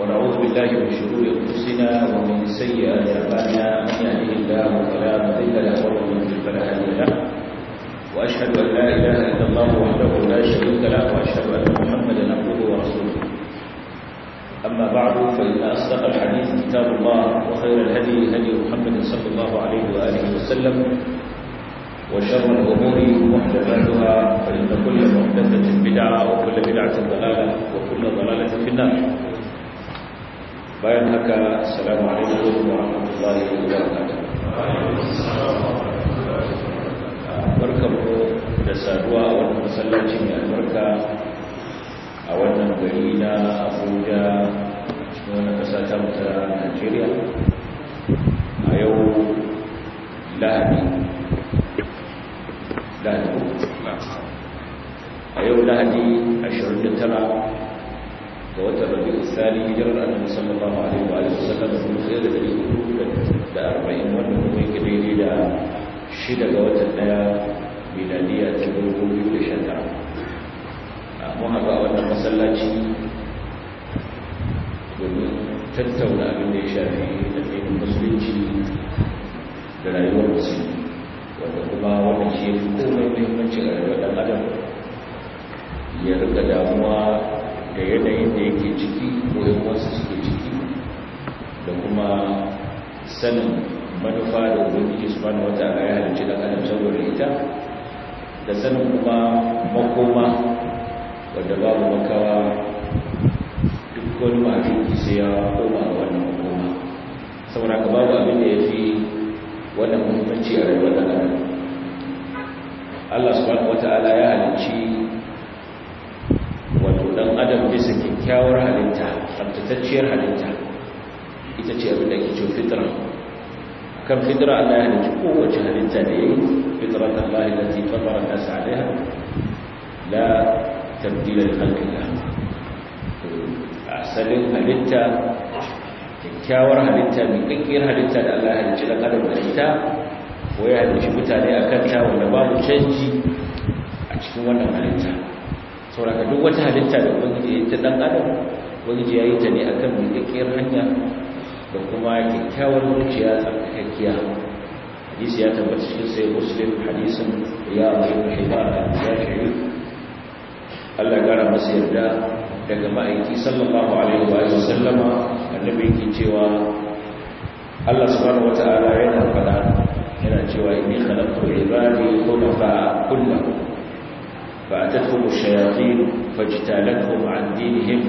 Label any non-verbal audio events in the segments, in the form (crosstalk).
ونعوذ بالله من شرور انفسنا ومن سيئات اعمالنا من يهده الله فلا مضل له ومن يضلل فلا هادي له واشهد ان لا اله الا الله وحده لا شريك له واشهد ان محمدا عبده ورسوله اما بعد فان اصدق الحديث كتاب الله وخير الهدي هدي محمد صلى الله عليه واله وسلم وشر الأمور محدثاتها فإن كل محدثة بدعة وكل بدعة ضلالة وكل ضلالة في النار bayan haka assalamu alaikum wa rahmatullahi wa barakatuh barkamu da saduwa a wannan masallaci mai albarka a wannan gari na Abuja cikin wannan kasa ta mutar Najeriya a yau Lahadi lahadi a yau lahadi 29 ga watan rabi'u tsari hijirar annabi sallallahu alaihi wa alihi wasallam sun sai da dari da arba'in wanda kuma yake daidai da shida ga watan daya miladiya ta dubu biyu da sha A mun a wannan masallaci domin tattauna abin da ya shafi da musulunci da rayuwar musulmi wanda kuma wannan shi ya fi komai muhimmanci a rayuwar ɗan adam ya rika damuwa da yanayin da yake ciki ko yan wasu suke ciki da kuma sanin manufa da ubangiji su bani wata ga ya halicci da adam saboda ita da sanin kuma makoma wadda babu makawa duk wani mafi sai ya koma ga wannan makoma saboda ka babu abin da ya fi wannan muhimmanci a rayuwar da adam Allah subhanahu wata'ala ya halicci wato dan adam bisa kyakkyawar halitta tabbatacciyar halitta ita ce abin da ke ce fitra kan fitra Allah ya halicci kowace halitta da yayi ta Allah allati fatara an-nas 'alayha la tabdila li khalqillah asalin halitta kyakkyawar halitta mai kakkiyar halitta da Allah ya halicci dan adam da ita ko ya halicci mutane a kan ta wanda babu canji a cikin wannan halitta saboda duk wata halitta da ubangiji ya ta dan adam ubangiji ya yi ta ne kan mai kakkiyar hanya da kuma kyakkyawar zuciya tsarkakakkiya hadisi ya tabbata cikin sai muslim hadisin ya abu shi ya shayi Allah ya gara masa yarda daga ma'aiki sallallahu alaihi wa sallama annabi yake cewa Allah subhanahu wata'ala yana faɗa yana cewa inni khalaqtu ibadi khunafa kullahum فأتتهم الشياطين فاجتالتهم عن دينهم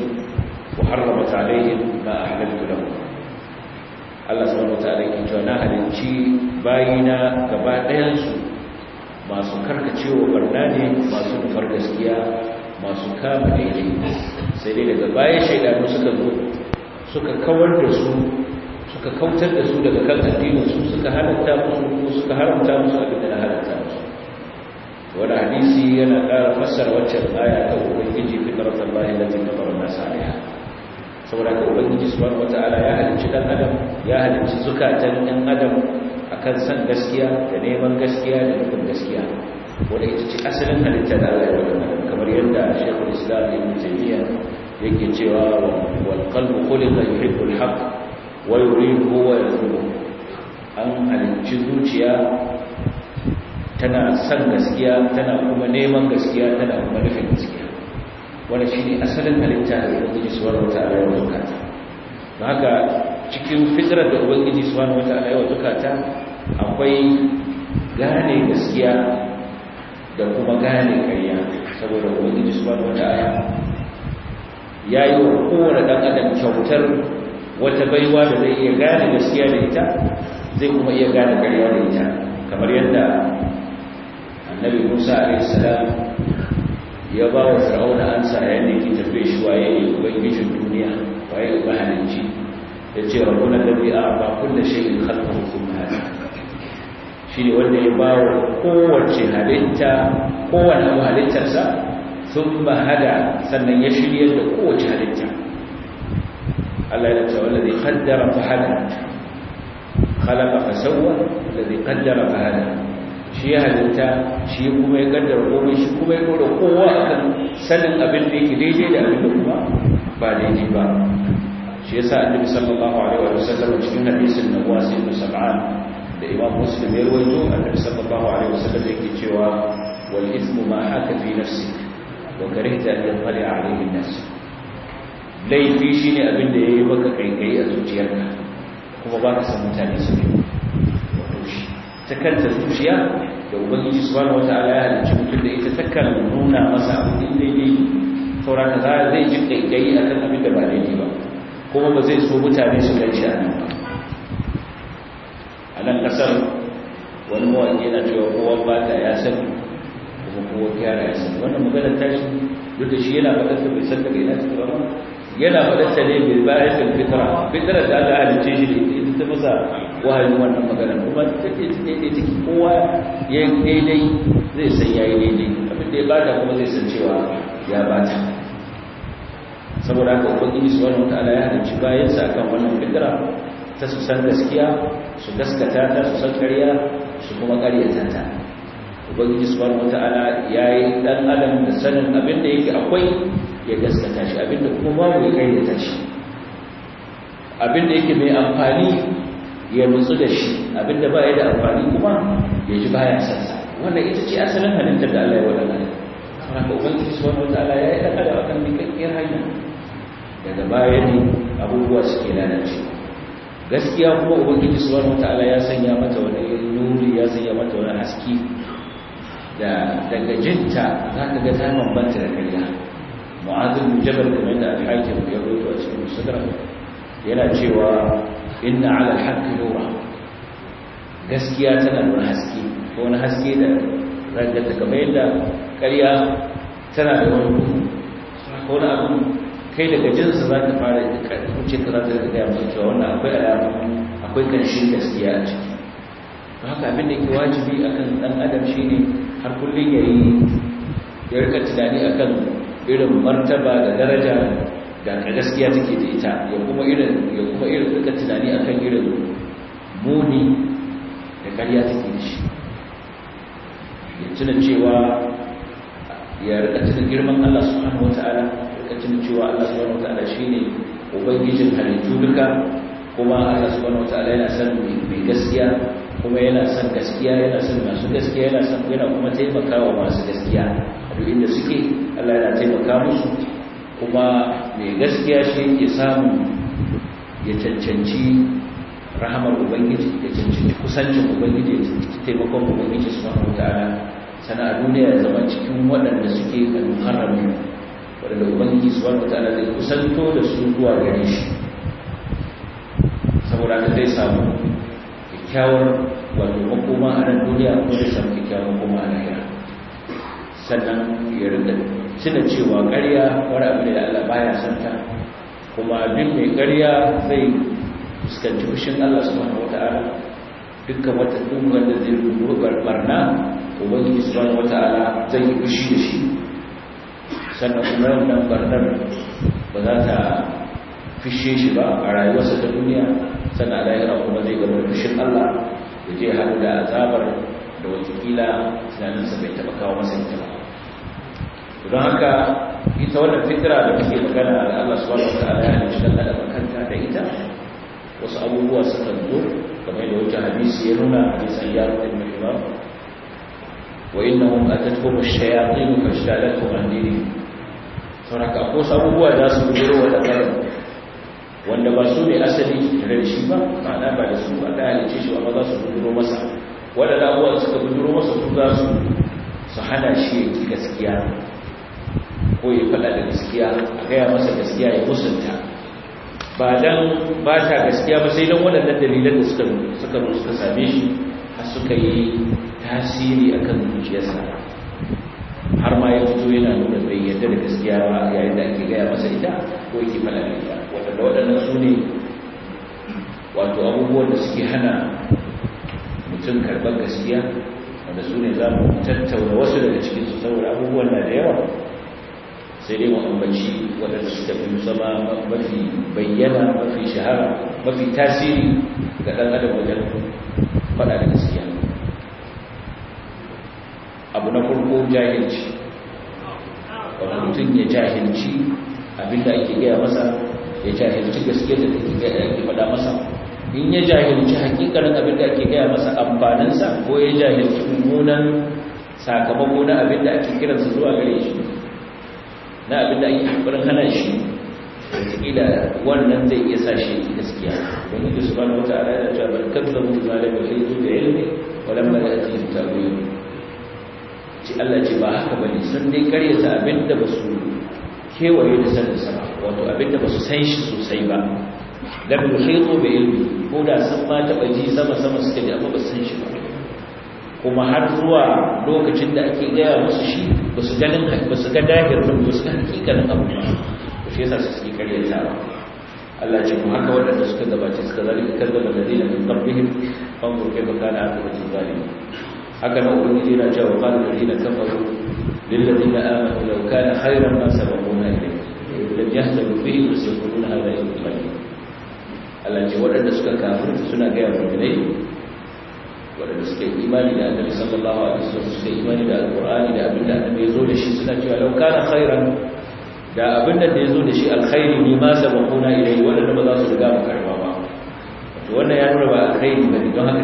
وحرمت عليهم ما أحللت لهم Allah subhanahu wataala yake cewa na halinci bayina gaba ɗayansu masu karkacewa barna ne masu nufar gaskiya masu kama daidai sai dai daga baya shaidanu suka zo suka kawar da su suka kautar da su daga kan addinin su suka halatta musu ko suka haramta musu abin da halatta musu wani hadisi yana ƙara fassara waccan aya ta ubangiji bayan da lati kamar nasa alaiha saboda ka ubangiji wata wata'ala ya halicci ɗan adam ya halicci zukatan ɗan adam a kan san gaskiya da neman gaskiya da nufin gaskiya wanda ita ce asalin halitta da Allah ya wadda kamar yadda shekul islam ibn jami'a yake cewa wal qalbu khuliqa yuhibbul haqq wa yuridu wa yazlumu an halicci zuciya tana san gaskiya tana kuma neman gaskiya tana kuma nufin gaskiya wanda shi ne asalin halitta da ubangiji suwar wata ya wadda ta don haka cikin fitrar da ubangiji suwar wata ya wadda ta akwai gane gaskiya da kuma gane kariya saboda da wata aya ya yi wa kowane dan adam kyautar wata baiwa da zai iya gane gaskiya da ita zai kuma iya gane kariya da ita kamar yadda annabi musa a. alaihissalam ya ba wa fir'auna ansa yayin da yake tafe shi waye ne ubangijin duniya waye ubangiji ya ce rabbuna ladhi ba kulli shay'in khalqahu thumma shi ne wanda ya ba wa kowace halitta kowane abu halittarsa sun ba hada sannan ya shirya da kowace halitta Allah ya ce wanda zai kaddara fa hada khalaqa fa sawwa alladhi qaddara fa hada shi ya halitta shi kuma ya kaddara komai shi kuma ya dora kowa akan sanin abin da yake daidai da abin da kuma ba daidai ba shi yasa annabi sallallahu alaihi wa sallam cikin hadisin nawasin da sab'an da imam muslim ya rawaito annabi sallallahu alaihi wasallam yake cewa wal ithmu ma haka fi nafsik wa karihta an yattali alaihi an-nas laifi shine abin da yayi maka kaikayi a zuciyarka kuma ba ka san mutane su ne ta kanta zuciya da ubangiji subhanahu wataala ya halicci mutum da ita takan nuna masa abin daidai saura ka zai ji a kan abin da ba daidai ba kuma ba zai so mutane su gaji a nan ba nan kasar wani mawaƙi na cewa kowa bata ya san kuma kowa kyara ya san wannan maganar tashi duk da shi yana faɗa ta bai san daga ina cikin ba yana faɗa ta ne bai ba ya san fitara fitara da Allah ce shi da ita ta masa wahayin wannan magana kuma ta ce ta take kowa ya yi daidai zai san ya yi daidai abin da ya bata kuma zai san cewa ya bata saboda haka ubangiji subhanahu wataala ya halicci bayan sa kan wannan fitara ta su san gaskiya su gaskata ta su san kariya su kuma ƙaryata ta ubangiji subhanahu wata'ala yayi dan adam da sanin abin da yake akwai ya gaskata shi abin da kuma babu ya ƙaryata shi abin da yake mai amfani ya nutsu da shi abin da ba ya da amfani kuma ya ji baya sansa wannan ita ce asalin halittar da Allah ya wadana haka ubangiji subhanahu wata'ala yayi dan adam akan dukkan hanya daga baya ne abubuwa suke lalacewa gaskiya kuma ubangiji subhanahu Mata'ala ya sanya mata wani nuri ya sanya mata wani haske da daga jinta za ka ga ta bambanta da kariya mu'adhin jabal kamar yadda al-hakim ya rawaito a cikin musadrak yana cewa inna ala al-haqqi nura gaskiya tana da wani haske ko wani haske da rangata kamar yadda kariya tana da wani ko wani abu kai daga jinsa za ka fara karfince ka za ka daga gaya mai cewa wannan akwai alamu akwai ƙarshen gaskiya a ciki to haka abin da ke wajibi akan ɗan adam shine har kullum ya yi ya rika tunani akan irin martaba da daraja da gaskiya take da ita ya kuma irin ya kuma irin rika tunani akan irin muni da ƙarya take da shi ya tuna cewa ya rika tunan girman Allah subhanahu ala. ka tuni cewa Allah subhanahu wataala shine ubangijin halittu duka kuma Allah subhanahu wataala yana san mai gaskiya kuma yana san gaskiya yana san masu gaskiya yana san yana kuma taimaka wa masu gaskiya duk inda suke Allah yana taimaka musu kuma mai gaskiya shi yake samu ya cancanci rahamar ubangiji ya cancanci kusancin ubangiji ya cancanci taimakon ubangiji subhanahu wataala sana a duniya ya zama cikin waɗanda suke da muharramin wadanda ubangiji wani wataala zai kusanto da su zuwa gare shi saboda ta zai samu kyakkyawar wato makoma a nan duniya ko da samu kyakkyawar makoma a lahira sannan ya rinda tuna cewa ƙarya wani abu da Allah baya santa kuma bin mai ƙarya zai fuskanci fushin Allah wata ala, dukkan wata dungar da zai rubu barna ubangiji wata ala zai yi fushi da shi sannan kuma wannan barnar ba za ta fishe shi ba a rayuwarsa ta duniya sannan lahira kuma zai gaba da fushin Allah da je haɗu da azabar da watakila tunaninsa bai taɓa kawo masa ita ba don haka ita wannan fitira da muke magana da Allah subhanahu wataala ya halicci da makanta da ita wasu abubuwa suka zo kamar da wata hadisi ya nuna hadisan ya rubuta mai imam wa innahum atatkum ash da alaƙa an ne? sauraka ko sabubuwa za su bujiro wa ɗanɗan wanda ba su ne asali da shi ba ma'ana ba da su ba ta halice shi ba za su bujiro masa wanda abuwa suka bujiro masa su za su su hana shi ya ki gaskiya ko ya fada da gaskiya a gaya masa gaskiya ya musanta ba dan ba ta gaskiya ba sai don waɗannan dalilan da suka suka suka same shi har suka yi tasiri akan zuciyarsa har ma ya fito yana nuna bai yadda da gaskiya ba yayin da ake gaya masa ita ko yake falale ta da waɗannan su ne wato abubuwan da suke hana mutum karɓar gaskiya wanda su ne za mu tattauna wasu daga cikinsu saboda abubuwan na da yawa sai dai wani bacci waɗanda su fi musamman mafi bayyana mafi shahara mafi tasiri ga ɗan adam wajen faɗa da gaskiya abu na farko jahilci mutum ya jahilci abinda ake gaya masa ya jahilci gaske da ake faɗa masa in ya jahilci hakikalin abinda ake gaya masa amfaninsa ko ya jahilci munan sakamako na abinda ake kiransa zuwa gare shi na abinda ake haƙurin hana shi da wannan zai iya sa shi gaskiya wani da su ba na wata ala da cewa barkar da mutum zalim da ilmi ya ce ta yi ce Allah ce ba haka bane sun dai karyata abinda ba su kewaye da sanin sa wato abinda ba su san shi sosai ba da bi khaytu bi ilmi ko da san ba ta baji sama sama suke da amma ba su san shi ba kuma har zuwa lokacin da ake gaya musu shi ba su ganin ba su ga dahirin ba su ga hakikanin abu ba shi yasa su suke karyata ba Allah ce mu haka waɗanda suka gabace suka zalika kazzaba ladina min qablihim fanzur kayfa kana aqibatu zalimin haka nan ubangiji yana cewa qala alladhina kafaru lil ladina amanu law kana khayran ma sabaquna ilayhi lam yahtadu bihi wa sayquluna hadha ilmun qalil Allah ce waɗanda suka kafirta suna gaya wa mu'minai waɗanda suka yi imani da annabi sallallahu alaihi wasallam suka yi imani da alqur'ani da abinda da annabi ya zo da shi suna cewa law kana khayran da abinda da ya zo da shi alkhairi ne ma sabaquna ilayhi waɗanda ba za su riga mu karba ba to wannan ya nuna ba alkhairi bane don haka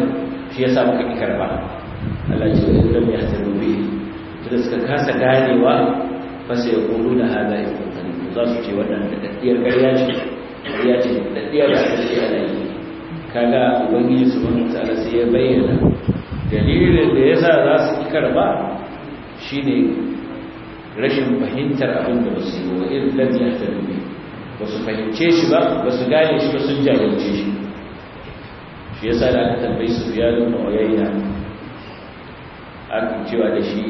shi yasa muka ki karba Allah ce da kullum ya taru bi da suka kasa ganewa fa sai ya kullu da hada ya kullu za su ce wannan da daddiyar ƙarya ce ƙarya ce daddiyar da ake ce Allah yi kaga ubangiji subhanahu wataala sai ya bayyana dalilin da ya sa za su ƙi karba shine rashin fahimtar abin da ba su yi wa irin lam ya taru ba su fahimce shi ba ba su gane shi ba sun jahilce shi shi yasa da aka tambayi su biya da ma'ayayya ake cewa da shi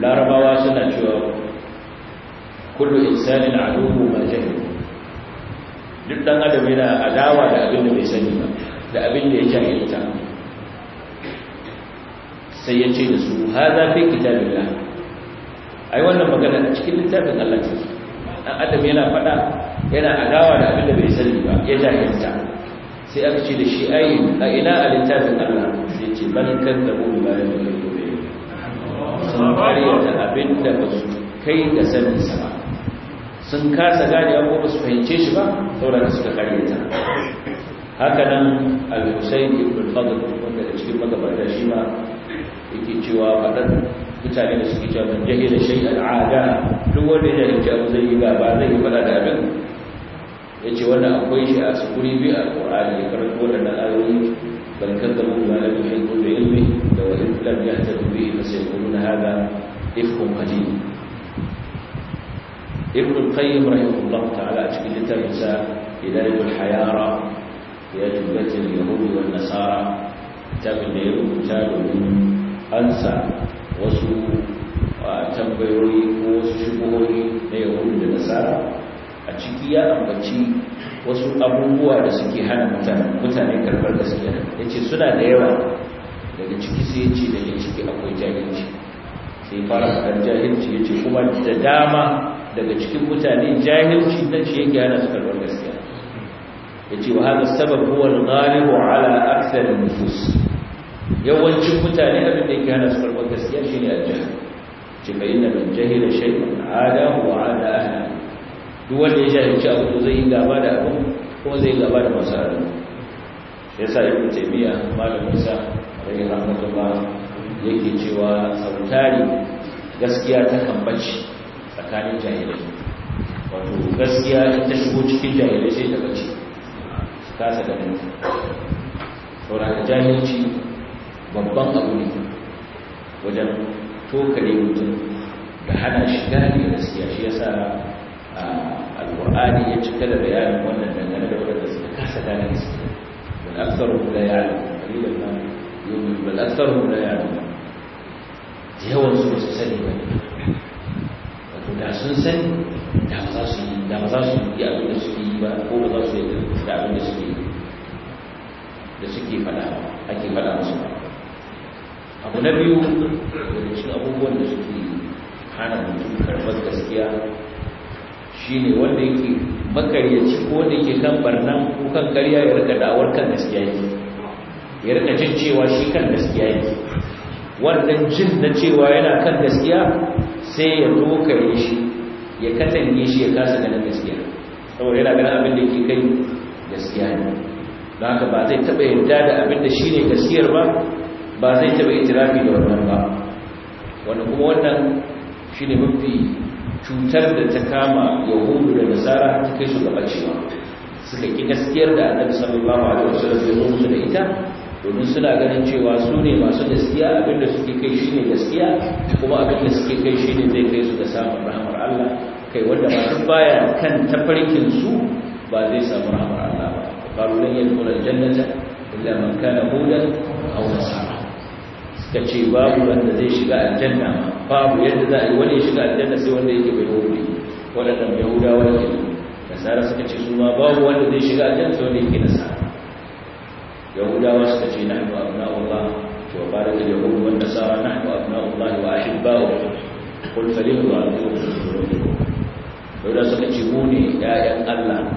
larabawa suna cewa kullu insanin adubu ma jahil duk dan adam yana adawa da abin da bai sani ba da abin da ya jahilta sai ya ce da su hada fi kitabillah ai wannan magana a cikin littafin Allah ce dan adam yana fada yana adawa da abin da bai sani ba ya jahilta sai aka ce da shi ai a ina a littafin Allah sai ce bal kadzabu bi bayan da yake da sun karyata abin da ba su kai da sanin sa ba sun kasa gane ko ba su fahimce shi ba saboda suka karyata haka nan al-Husayn ibn fadl wanda da cikin magabata shi ma yake cewa fadan mutane da suke cewa ban jahila shay'an aada duk wanda ya jahilci abu zai yi ba zai yi fada da abin ya ce akwai shi a sukuri biyu a ƙorani ya karanta waɗannan ayoyi ban kanta mun ba na bihin kudu ilmi da wajen filan ya ta dubi ba sai kudu na haga ifkun kaji ibn qayyim rahimahullah ta'ala a cikin littafin idan hidayatul hayara ya jumlatul yahudi wal nasara ta da ya rubuta domin ansa wasu tambayoyi ko wasu shubuhohi na yahudu da nasara ciki ya ambaci wasu abubuwa da suke hana mutane karɓar gaskiya ya ce suna da yawa daga ciki sai ya ce daga ciki akwai jahilci sai fara faɗar jahilci ya ce kuma da dama daga cikin mutane jahilci na ce yake hana su karɓar gaskiya ya ce wa haka sabab huwa al-ghalibu ala akthar nufus yawancin mutane abin da yake hana su karɓar gaskiya shine al-jahl ce fa inna man jahila shay'an adahu wa ada ahlihi duk wanda ya jahilci abu zai yi gaba da abu ko zai yi gaba da masu harin ya sa ibn taymiya malamin sa alaihi rahmatullah yake cewa sautari gaskiya ta kambaci tsakanin jahilai wato gaskiya ta shigo cikin jahilai sai ta bace ta sa ganin da jahilci babban abu ne wajen tokare mutum da hana shiga ne gaskiya shi ya a ah, alqur'ani ya cika da bayanin wannan dangane da wanda suka kasa gane gaskiya wal aktharu la ya'lamu qalilan ma yu'minu wal aktharu la ya'lamu yawan su ba su sani ba wato da sun sani da za su yi da za su yi abin da suke yi ba ko ba za su yi da abin da suke yi da ba abu na biyu daga abubuwan da suke hana mutum karɓar gaskiya Shi ne wanda yake makaryaci ko wanda yake kan barnan ko kan ya rika da'awar kan gaskiya yake ya rika jin cewa shi kan gaskiya yake wannan jin na cewa yana kan gaskiya sai ya dokare shi ya katange shi ya kasa ganin gaskiya saboda yana ganin abin da yake kai gaskiya ne don haka ba zai taɓa yarda da abin da shi ne gaskiyar ba ba zai taɓa itirafi da wannan ba wanda kuma wannan shi ne mafi cutar da ta kama yahudu da nasara ta kai su gaba cewa suka ki gaskiyar da annabi sallallahu alaihi wasallam ya zo musu da ita domin suna ganin cewa su ne masu gaskiya abinda suke kai shine gaskiya kuma abinda suke kai shine zai kai su da samun rahmar Allah kai wanda ba su baya kan tafarkin su ba zai samu rahmar Allah ba qalu lan yadkhul jannata illa man kana hudan aw nasara suka ce babu wanda zai shiga aljanna babu yadda za a yi wani shiga aljanna sai wanda yake bai wuri waɗannan yahudawa ke nasara suka ce su ma babu wanda zai shiga aljanna sai wanda yake nasara yahudawa suka ce na na Allah to bare da yahudu wa nasara na Allah wa ahibba'u qul salim wa alaikum yahuda suka ce mu ne ƴaƴan Allah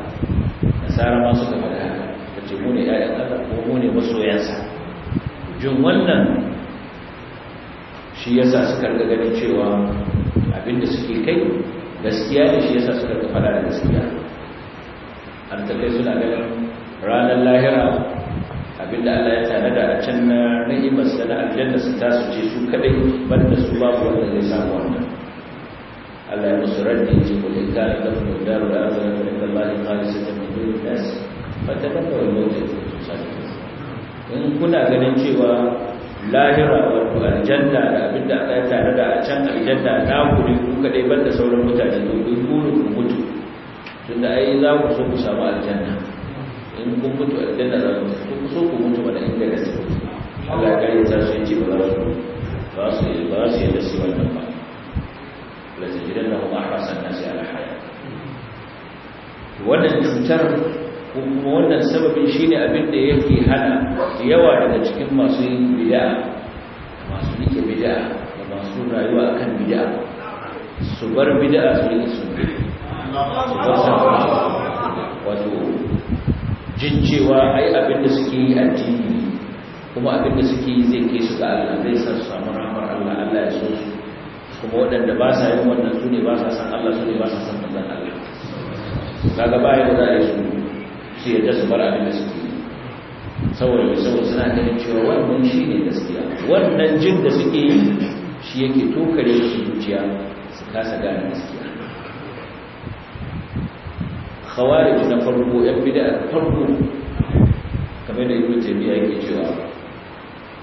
nasara ma suka faɗa haka suka ce mu ne ƴaƴan Allah ko mu ne masoyansa jin wannan shi yasa suka riga ganin cewa abinda suke kai gaskiya ne shi yasa suka fada da gaskiya an kai suna ganin ranar lahira abinda Allah ya tare da can na rahimar sana aljanna su ta su ce su kadai banda su babu wanda zai samu wannan Allah ya musu raddi ce ko da ka da mu da da azan da Allah ya kare su da mun nas fa ta da wannan da su sai in kuna ganin cewa lahira wato aljanna da abinda aka yi tare da a can aljanna na ku ne ku kadai ban banda sauran mutane to ku kuru ku mutu da ai za ku so ku samu aljanna in kun mutu aljanna za ku so ku so ku mutu wani inda gaske Allah ya yi sa su yi ba su ba su yi ba su yi da su wannan ba lazijidan lahum ahrasan nasi ala hayat wannan cutar kuma wannan sababin ne abin da yake hana yawa daga cikin masu yin bid'a masu nike bid'a da masu rayuwa kan bid'a su bar bid'a su su rike sunna wato jin cewa ai abin da suke yi jini kuma abin da suke yi zai kai su ga Allah zai sa su samu rahmar Allah Allah ya so su kuma waɗanda ba sa yin wannan su ne ba sa san Allah su ne ba sa san manzon Allah kaga ba yi da za a yi su su yadda su bar abin da suke saboda mai saboda suna ganin cewa wannan shi ne gaskiya wannan jin da suke yi shi yake tokare da su zuciya su kasa gane gaskiya kawai na farko yan bid'a farko kamar da ibnu biya yake cewa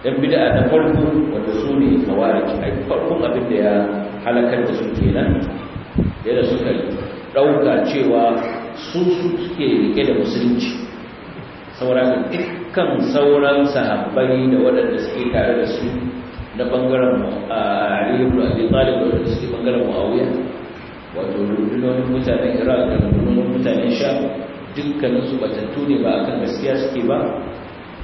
yan bid'a na farko wanda su ne khawarij ai farkon abin da ya halakar da su kenan da suka ɗauka cewa su suke rike da musulunci sauran dukkan sauran sahabbai da waɗanda suke tare da su na bangaren aliyu da abin talib da suke bangaren muawiya wato rundunonin mutanen iraq da rundunonin mutanen sha dukkaninsu tattu ne ba akan gaskiya suke ba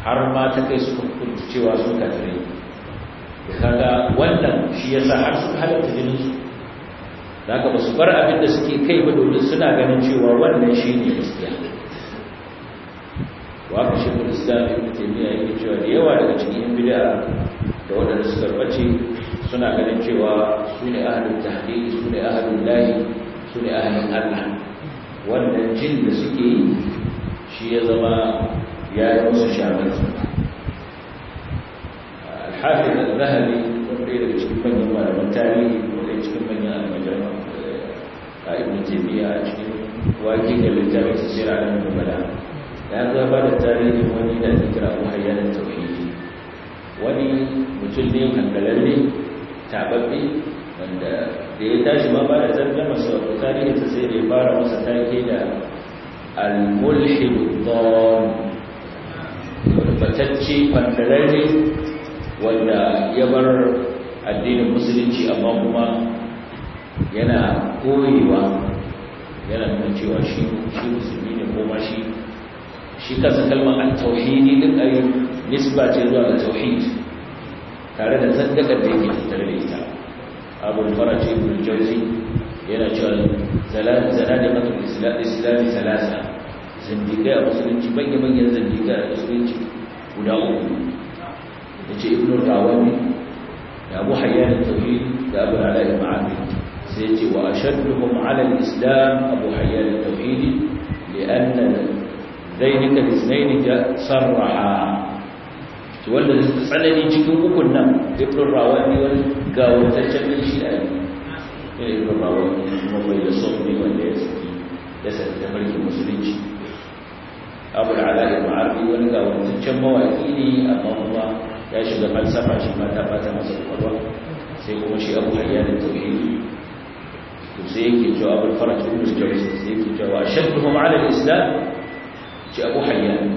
har ma ta kai su kuntu cewa sun kafirai kaga wannan shi yasa har su halatta su da ka ba su bar abin da suke kai ba domin suna ganin cewa wannan shi ne gaskiya wa ka shi kun da ibn taymiya yake cewa da yawa daga cikin yan bid'a da waɗanda suka bace suna ganin cewa su ne ahlul tahqiq su ne ahlul lahi su ne ahlul allah wannan jin da suke yi shi ya zama ya yi musu shafin su al da al daga cikin manyan malaman tarihi a ibn taymiya a cikin waƙi da littafin su sirra da ya ga ba da tarihin wani da ta kira abu tauhidi wani mutum ne hankalalle tababbe wanda da ya tashi ma ba da tarjama su wato tarihin sa sai da ya fara masa take da al-mulhid batacce fandararre wanda ya bar addinin musulunci amma kuma yana koyewa yana nuna cewa shi musulmi ne ko ma shi shi kansa kalmar al-tauhidi din ai nisba ce zuwa ga tauhid tare da zaddakar da yake tattare da ita abu faraj ibn jawzi yana cewa zalal zalalatul islam islam salasa zindiga musulunci bangi bangi zindiga musulunci guda uku yace ibn rawani da abu hayyan tauhid da abu ala al-ma'abid sai ce wa ashadduhum ala al-islam abu hayyan al-tawhidi li'anna dainika al-isnayn sarraha to wanda tsanani cikin ukun nan ibn rawani wani ga wancan din shi a ne ibn rawani kuma bai da son ne wanda ya saki ya saki da mulkin musulunci abu al-ala al-ma'arri wani ga wancan mawaki ne amma kuma ya shiga falsafa shi ma ta fata masa kwakwalwa sai kuma shi abu hayyan al-tawhidi to sai yake cewa abul faraj ibn al-jawzi sai yake cewa ashadduhum ala al-islam ce abu hayyan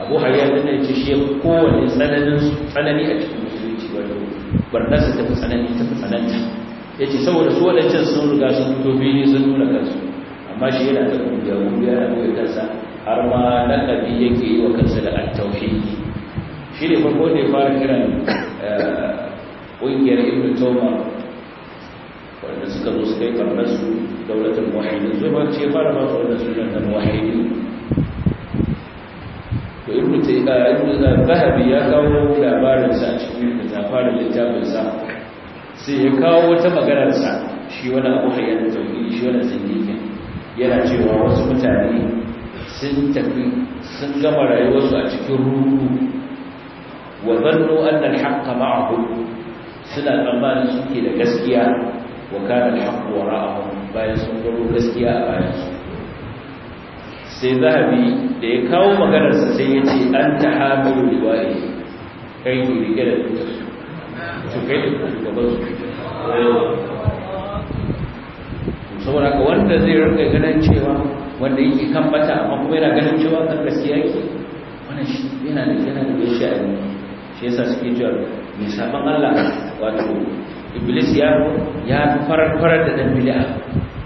abu hayyan din ne ce shi kowanne tsananin tsanani a cikin musulunci yace saboda su wadancan sun riga sun fito fili sun nuna kansu amma shi yana da kungiya kungiya da kuma kansa har ma lakabi yake yi wa kansa da at-tauhidi shi ne farko da ya fara kiran eh, ƙungiyar ibn tawma wanda suka zo suka yi kamar su daulatar muwahidin zai ba ce fara ba su wannan sunan na muwahidin to ibn tayyiba ibn zahabi ya kawo labarin a cikin da fara littafin sai ya kawo wata maganar sa shi wani abu hayyan tauhidi shi wani zindiki yana cewa wasu mutane sun tafi sun gama rayuwarsu a cikin ruhu wa zannu anna al-haqqa ma'ahum suna tsammanin suke da gaskiya wa kana al-haqq wara'ahum bayan sun gano gaskiya a bayan su sai zahabi da ya kawo maganar sa sai ya ce an tahamilu liwa'i kai ki rike da su kai da ba su saboda ka wanda zai rinka ganin cewa wanda yake kan bata amma kuma yana ganin cewa kan gaskiya yake wannan shi yana da yana da shi a shi yasa suke cewa mai saban Allah wato iblis ya ya farar da dan bid'a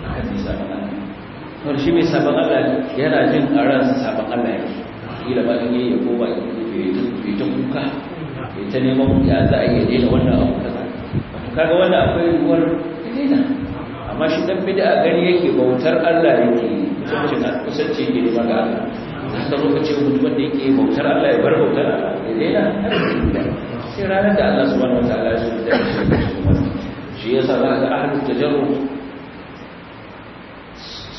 haka sai sabon Allah shi mai sabon Allah yana jin a sabon Allah yake kila ba in ya ko ba yi ta kuka ya ta neman ya za a iya daina wannan abu kaza wato kaga wannan akwai ruwar daina amma shi dan bid'a gani yake bautar Allah yake cin kusanci yake neman ga Allah haka lokacin mutum da yake bautar Allah ya bar bautar Allah ya daina sai ranar da Allah subhanahu wataala ya so da shi ya sa za ga ahlul tajarrud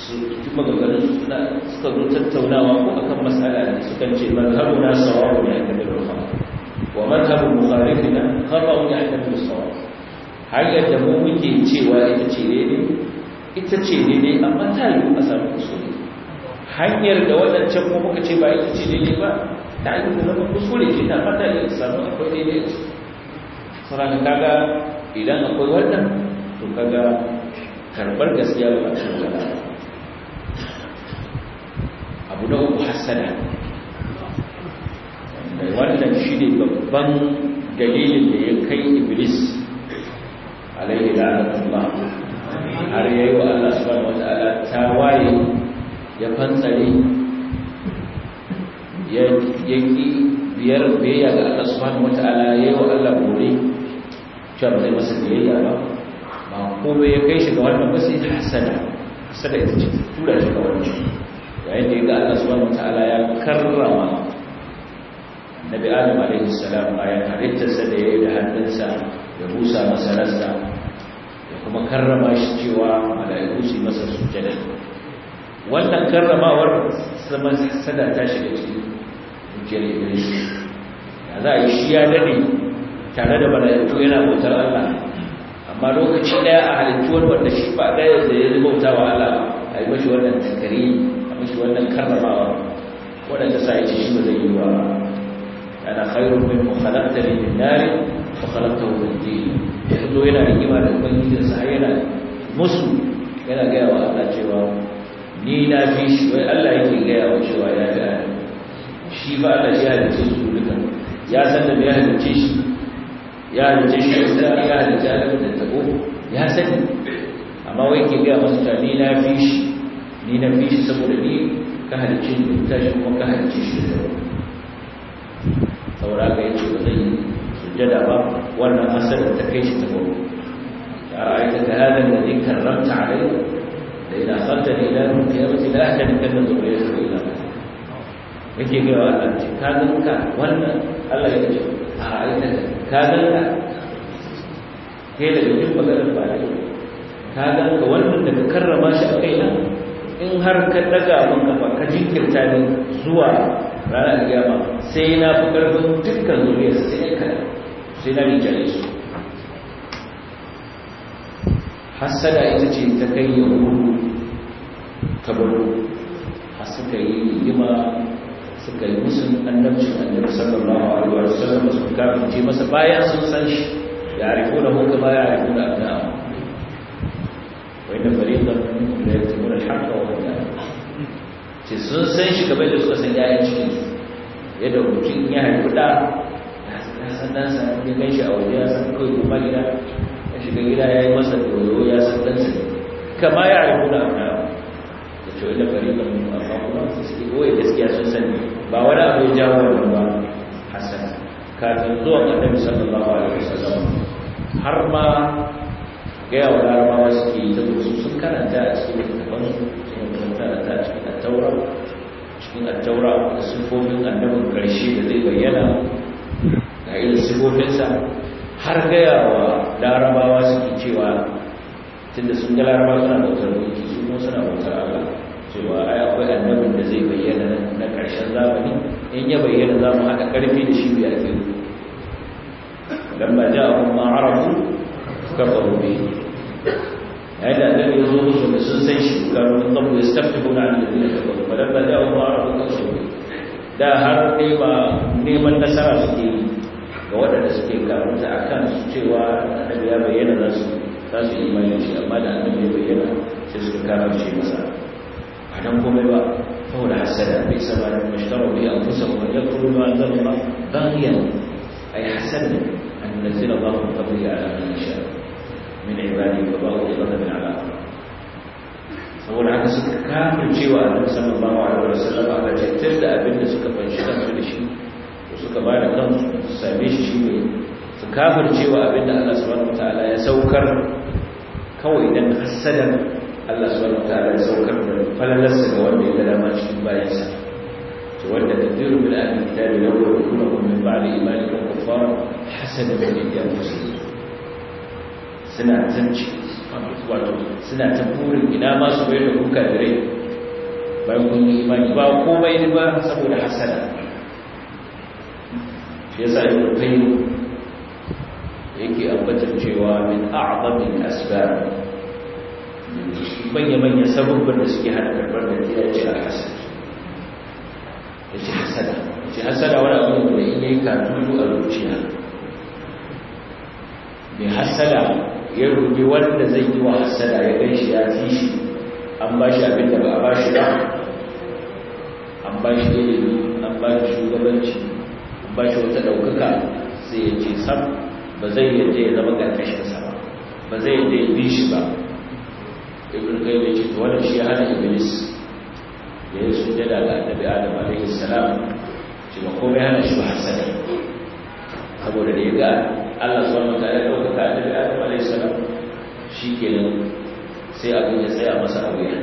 su ki maganganun su suna suka zo tattaunawa ko akan masala ne sukan ce mazhabu na sawabu ya kabi rufa wa mazhabu mukhalifina khata'u ya kabi sawabu hanyar da mu muke cewa ita ce ne ita ce ne amma ta yi a samu kusuri hanyar da wadancan mu muka ce ba ita ce ne ne ba ta yi da zama kuskure ce ta fata da samu akwai daidai da su kaga idan akwai wannan to kaga karɓar gaskiya ba ta abu na uku hasada wannan shi babban dalilin da ya kai iblis alaihi la'anatullah har yayi wa Allah subhanahu wa ta'ala tawaye ya fantsare yanki biyar biyayya ga Allah subhanahu wataala yayi wa Allah gore cewa ba zai masa biyayya ba ba komai ya kai shi ga wannan ba sai hasada hasada ita ce tura shi ga wannan yayin da ga Allah subhanahu wataala ya karrama Nabi Adam alaihi salam bayan halittarsa da yayi da hannunsa da busa masa da kuma karrama shi cewa mala'iku su masa sujjada wannan karramawar sama sada ta shiga cikin shine iblis ya za a yi shi ya dade tare da mala'iku yana bautar Allah amma lokaci daya a halittu wanda shi ba daya da ya bauta wa Allah a yi mashi wannan takari a mashi wannan karramawa wadanda sa ya ce shi ba zai yi wa ba khairun min mukhalaqta li min nar fa khalaqtahu min ya yanzu yana rigima da ubangijin sa yana musu yana gaya wa Allah cewa ni na fi shi wai Allah yake gaya wa cewa ya ga shi ba Allah ya halice su duka ya san da ya halice shi ya halice shi ya halice Adam da tabo ya sani amma wai ke ga masu tani na fi shi ni na fi shi saboda ni ka halice ni ta shi kuma ka halice shi da saura ga yace ba zai sujjada ba wannan asalin ta kai shi ta da أرأيت هذا الذي كرمت عليه لئن أخذتني إلى يوم القيامة لا أحد يكلم ذريته ya أنت yake ga wannan ce ka ganka wannan Allah ya ce a ra'ayta ka ganka kai da duk maganar ba da ka ganka wannan da ka karrama shi a kaina in har ka daga mun ba ka jinkirta ni zuwa ranar kiyama sai na fi karfin dukkan zuriyar sai ka sai na rijale su hasada ita ce ta kai yahudu ta baro a yi rigima suka yi musun annabci annabi sallallahu alaihi wa sallam suka ce masa bayan sun san shi ya arifo da hukka ba ya arifo da abna wa inna fariqan minhum la yaktumuna al wa hum ce sun san shi kamar da suka san yayin cikin su yadda mutum ya yi da ya san dan sa ya kai shi a waje ya san kai kuma gida ya shiga gida ya yi masa ya san dan sa kama ya arifo da abna to inda fariqan min amma kuma su suke goye gaskiya sun sani ba wani abu ya jawo wani ba hasan kafin zuwan annabi sallallahu alaihi wasallam har ma gaya wa larabawa suke yi ta su sun karanta a cikin littafan sun karanta a cikin attaura cikin attaura da sifofin annabin karshe da zai bayyana da irin sifofinsa har gaya wa larabawa suke cewa tunda sun ga larabawa suna bautar mulki su kuma suna bautar Allah cewa ai akwai annabin da zai bayyana na ƙarshen zamani in ya bayyana za mu haɗa ƙarfi da shi biya ba lamma ja'ahum ma arafu kafaru bihi yayin da annabi ya zo musu da sun san shi kanu da qabl da 'an alladhina kafaru falamma ja'ahum ma arafu kafaru da har nema neman nasara suke yi ga waɗanda suke karanta akan su cewa annabi ya bayyana za su za su imani shi amma da annabi ya bayyana sai suka shi masa عدم قبل بقى فهو لها السلام بيس ما لما اشتروا بي أنفسهم أن يدخلوا ما أنزل الله باغيا أي حسنا أن ينزل الله من قبله على من يشاء من عباده وبغض غضب على أمره فهو العكس كامل جيوى أن صلى الله عليه وسلم على جهة تبدأ بالنسبة من شيء كل شيء وسوك بعد كم سبيش شيء فكافر جوا أبدا الله سبحانه وتعالى يسوكر كوي لأن السلام Allah subhanahu wataala ya saukar da falalarsa ga wanda ya dama cikin bayansa to wanda kadiru min ahli kitabi law yakununa min ba'di imanikum kuffara hasadan min indi anfusihim suna tanci wato suna ta burin ina ma su bai da kuka dare bayan kun yi imani ba komai ne ba saboda hasada shi yasa ibn qayyim yake ambatar cewa min a'zamin asbab manya-manyan sabubban da suke hana karbar da ya ce alhassan ya ce hasada ya ce hasada wani abu da ya yi kartutu a zuciya mai hasada ya rubi wanda zai yi wa hasada ya gan shi ya fi shi an ba shi abin da ba a ba shi ba an ba shi ilimi an ba shi shugabanci an ba shi wata ɗaukaka sai ya ce sam ba zai yadda ya zama ƙarƙashinsa ba ba zai yadda ya bi shi ba ibn qayyim ya ce wannan shi ya hana iblis ya yi da ga annabi adam alaihi salam shi ba komai hana shi ba hasada saboda da ya ga Allah subhanahu wataala ya dauka annabi adam alaihi salam nan sai abin ya tsaya masa a wuya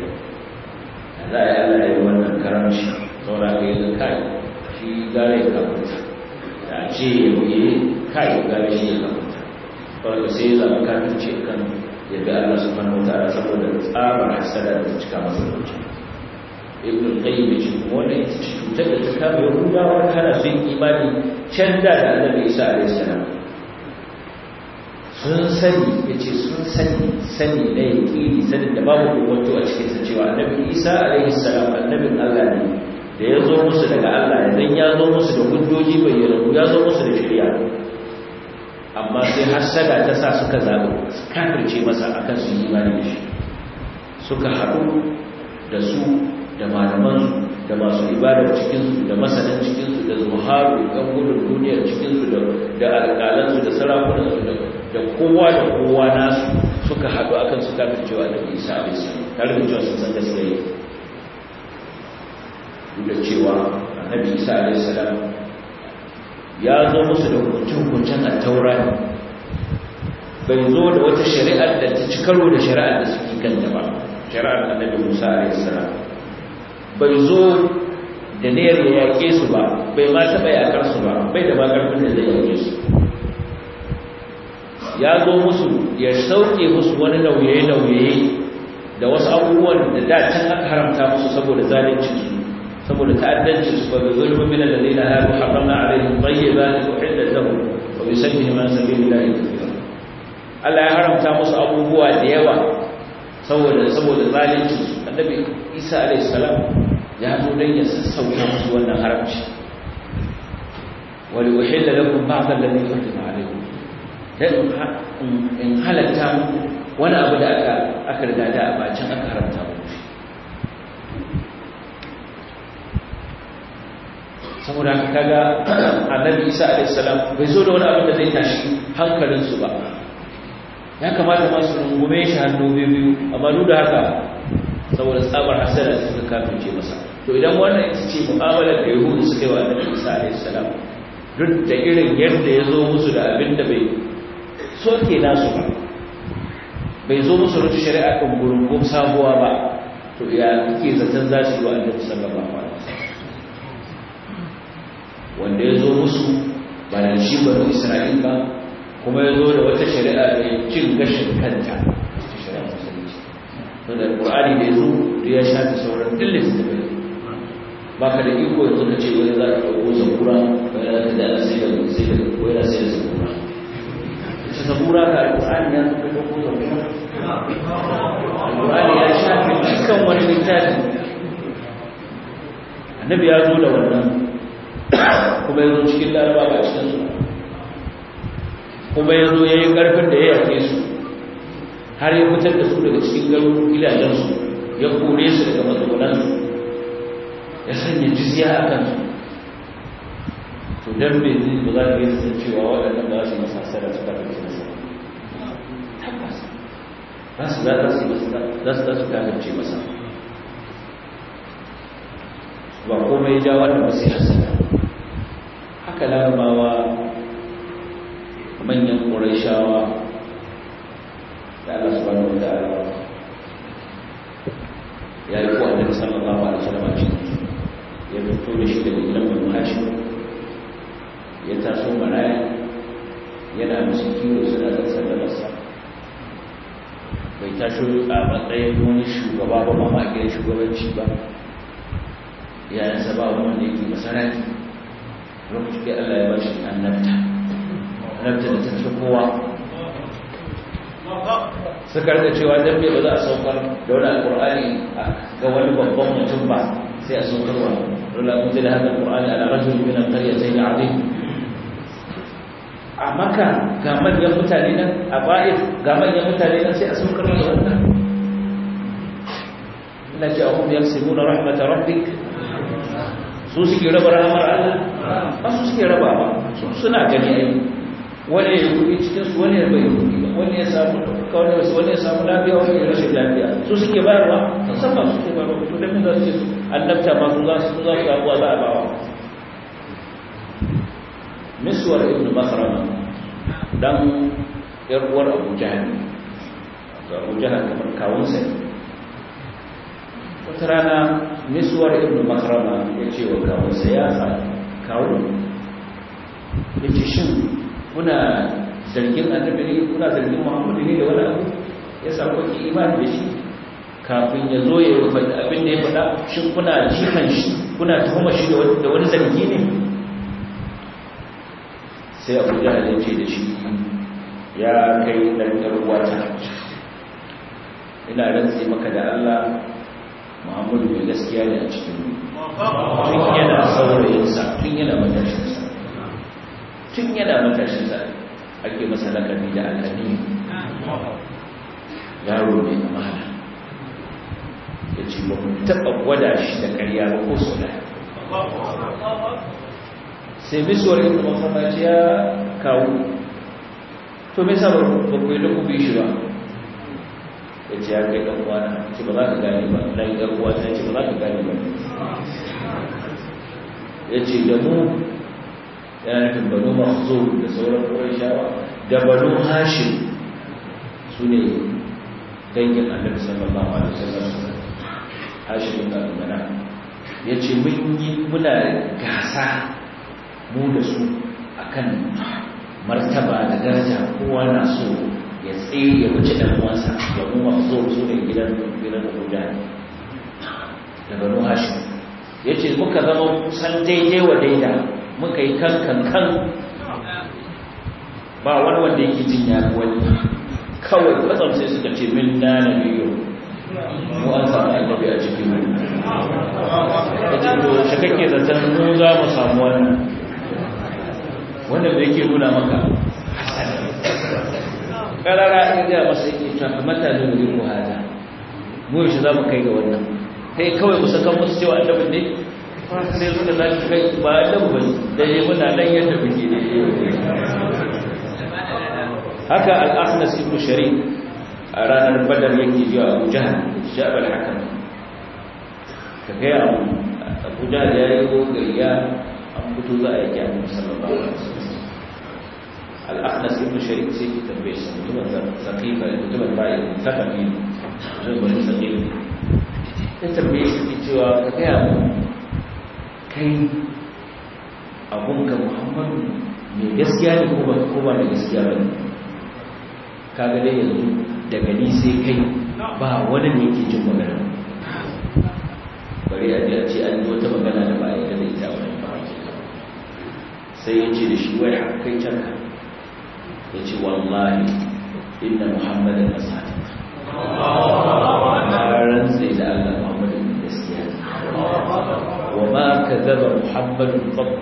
allah a Allah ya yi wannan karamci zaura ga yi kai shi gare ya kafuta da a ce ya yi kai gare shi ya kafuta saboda sai ya zama kafin ce kan ya ga Allah subhanahu wataala saboda a hasada da ta cika masu zuci ibn qayyim shi kuma wannan cutar da ta kama yahudawa kana sun imani can da da annabi isa alaihi salam sun sani ya sun sani sani na yaƙini sani da babu kowato a cikinsa cewa annabi isa alaihi salam annabin allah ne da ya zo musu daga Allah idan ya zo musu da hujjoji bayyana ya zo musu da shari'a amma sai hasada ta sa suka zaɓi kafirce masa akan su yi imani da shi suka haɗu da su da malamansu da masu ibadar cikinsu da masanan cikinsu da zuharu kan gudun duniyar cikinsu da alƙalansu da sarakunansu da kowa da kowa nasu suka haɗu akan su kafin cewa da isa a bisa tare da cewa sun san gaskiya duk da cewa annabi isa alaihi salam ya zo musu da hukuncin-hukuncin a taurari bai zo da wata shari'ar da ta ci karo da shari'ar da suke kanta ba shari'ar annabi musa a.s. bai zo da nayar da yake su ba bai ma taɓa yaƙar su ba bai da kun da zai su ya zo musu ya sauke musu wani nauye-nauye da wasu abubuwan da da can aka haramta musu saboda zalunci su saboda ta'addancin su ba bi zulmi min alladhina la yuharramna alaihim tayyibat uhillat lahum wa bi sayyihim an sabilillahi Allah ya haramta musu abubuwa da yawa saboda saboda zalunci annabi Isa alaihi salam ya zo dan ya sassauta musu wannan haramci wa li uhilla lakum ba'd alladhi harrama alaikum dan in halatta wani abu da aka aka riga da a bacin aka haramta muku saboda kaga annabi isa alaihi salam bai zo da wani abin da zai tashi hankalinsu ba ya kamata ma su rungume shi hannu biyu amma duk da haka saboda tsabar hasara da suka kafince masa to idan wannan ita ce mu'amalar da yahudu suka yi wa annabi isa alaihi salam duk da irin yadda ya zo musu da abin da bai soke nasu ba bai zo musu rutu shari'a kan gurin sabuwa ba to ya kike zaton za su yi wa annabi sallallahu wanda ya zo musu ba da shi da isra'il ba kuma ya zo da wata shari'a da cin gashin kanta wata shari'a musulunci to da qur'ani da ya zo da ya shafi sauran dillis da bai ba ka da iko yanzu ka ce wani za ka ɗauko zakura bayan da sai da sai da wai da sai da zakura ita zakura ka Al-Qur'ani ya zo ka ɗauko zakura qurani ya shafi dukkan wani littafi annabi ya zo da wannan kuma yanzu cikin laraba ba cikin su kuma yanzu ya yi ƙarfin da ya yake su har yi fitar da su daga cikin garin gidajensu ya kore su daga matsugunansu ya sanya jizya a kansu to don bai ba za ka yi san cewa waɗannan ba su masa sada su ba su fi nasa za su za su za su masa ba komai ja da masu yasa haka larabawa manyan shawa da su subhanahu wa ala ya yi ko annabi a cikin wasallam ya fito da shi da gidan Banu Hashim ya taso marayi yana musu kiwo suna tsarsa da masa bai taso a matsayin wani shugaba ba mamakin shugabanci ba yayin sababin wanda yake masarauta lokaci da Allah ya ba shi annabta annabta da ta fi kowa suka rika cewa dan bai ba za a saukar da wani alqur'ani ga wani babban mutum ba sai a saukarwa lola kun ji da hada alqur'ani ala rajul min na azim a maka ga manyan mutane nan a ba'id ga manyan mutane nan sai a saukarwa da wannan Ina ce a hum yaqsimuna rahmatar rabbik su suke raba rahmar Allah masu suke raba ba suna gani ai wani ya rubi cikin su wani ya bai rubi ba wani ya samu kawai wasu wani ya samu lafiya wani ya rashin lafiya su suke bayarwa san ba su ke bayarwa to da za su ce su annabta ba su za su za su abuwa za a bawa miswar ibn mahrama dan yar uwar abu jahal to abu jahal kamar kawun sai wata rana miswar ibn mahrama ya ce wa kawun sai ya tsaya kawo ya ce shi kuna zargin annabi ne kuna zargin muhammadu ne da wani abu ya samu wake imani da shi kafin ya zo ya faɗi abin da ya faɗa shin kuna jikan shi kuna tuhumar shi da wani zargi ne sai abu da ya ce da shi ya kai ɗan ɗan wata ina rantsi maka da allah muhammadu mai gaskiya ne a cikin mu tun yana saurayinsa tun yana matashinsa tun yana matashinsa ake masa lakabi da alhani. yaro mai amana ya ce ba mu taɓa gwada shi da ƙarya ba ko suna sai misuwar yin kuma sama ya kawo to me sa ba ku yi lukubi shi ba ya ce ya kai ɗan uwana ce ba za ka gane ba na yi ɗan uwana ya ce ba za ka gane ba ya ce da mu yana nufin banu masu da sauran ƙwarar shawa da banu hashim su ne dangin annabi sallallahu alaihi wasallam hashim da mana ya ce mun yi muna gasa mu da su akan martaba da daraja kowa na so ya tsaye ya wuce ɗan uwansa ya kuma zo su ne gidan gidan guda da banu hashim ya ce muka zama san daidai wa daida muka yi kan kan kan ba wani wanda yake jin ya wani kawai kwatsam sai suka ce min na na biyu mu an samu annabi a cikin mu ya ce to shi kake zaton mu za mu samu wannan wannan da yake nuna maka hasali karara aka gaya masa yake ta kamata da wurin muhada mu yaushe za mu kai ga wannan kai kawai mu saka musu cewa annabi ne sai suka za su kai ba annabi ba da ne muna nan yadda muke ne haka al-ahnas ibn sharif a ranar badar yake jiwa Abuja, jahal sha'ab al-hakam ka gaya abu jahal ya yi gogariya an fito za a yi kyamun sallallahu alaihi wasallam sai ibn shari'a sai ki tambaye shi mutumin sakifa da mutumin bayan sakafi zai bari sakifa ta tambaye shi ki cewa ka gaya mu kai abunka muhammadu mai gaskiya ne ko ba da gaskiya ba ne kaga dai yanzu daga ni sai kai ba wani ne yake jin magana bari a ji ce an yi wata magana da ba a yi da ita wani ba sai ya ce da shi wai kai can ya ci wallahi inda inna na masadi ran sai da Allah muhammadan gaskiya wa ma kadaba muhammadun babu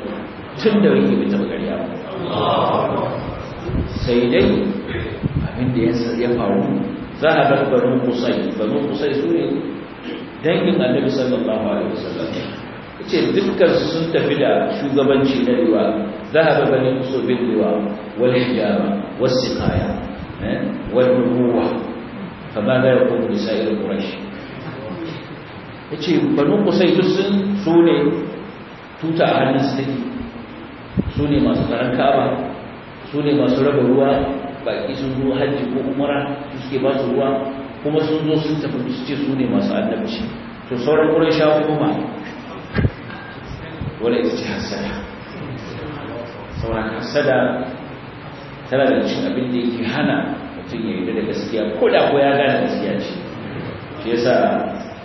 tun da yake bai taba ƙarya ba sai dai abin da ya faru za a bar barin kusai barin kusai su ne dangin annabi sallallahu alaihi wasallam ce dukkan sun tafi da shugabanci na riwa za a babbanin kusurbin riwa wani hijaba wasu kaya eh, wani ruwa kama ba ya kuma nisa irin ƙurashi ya ce banu kusai duk sun su ne tuta a hannun su take su ne masu karan kaba su ne masu raba ruwa baki sun zo hajji ko umara suke ba su ruwa kuma sun zo sun tafi su ce su ne masu annabci to sauran ƙurashi kuma wani ita ce hasada sauran hasada tana da cin abin da yake hana mutum ya yi da gaskiya ko da ko ya gane gaskiya ce shi yasa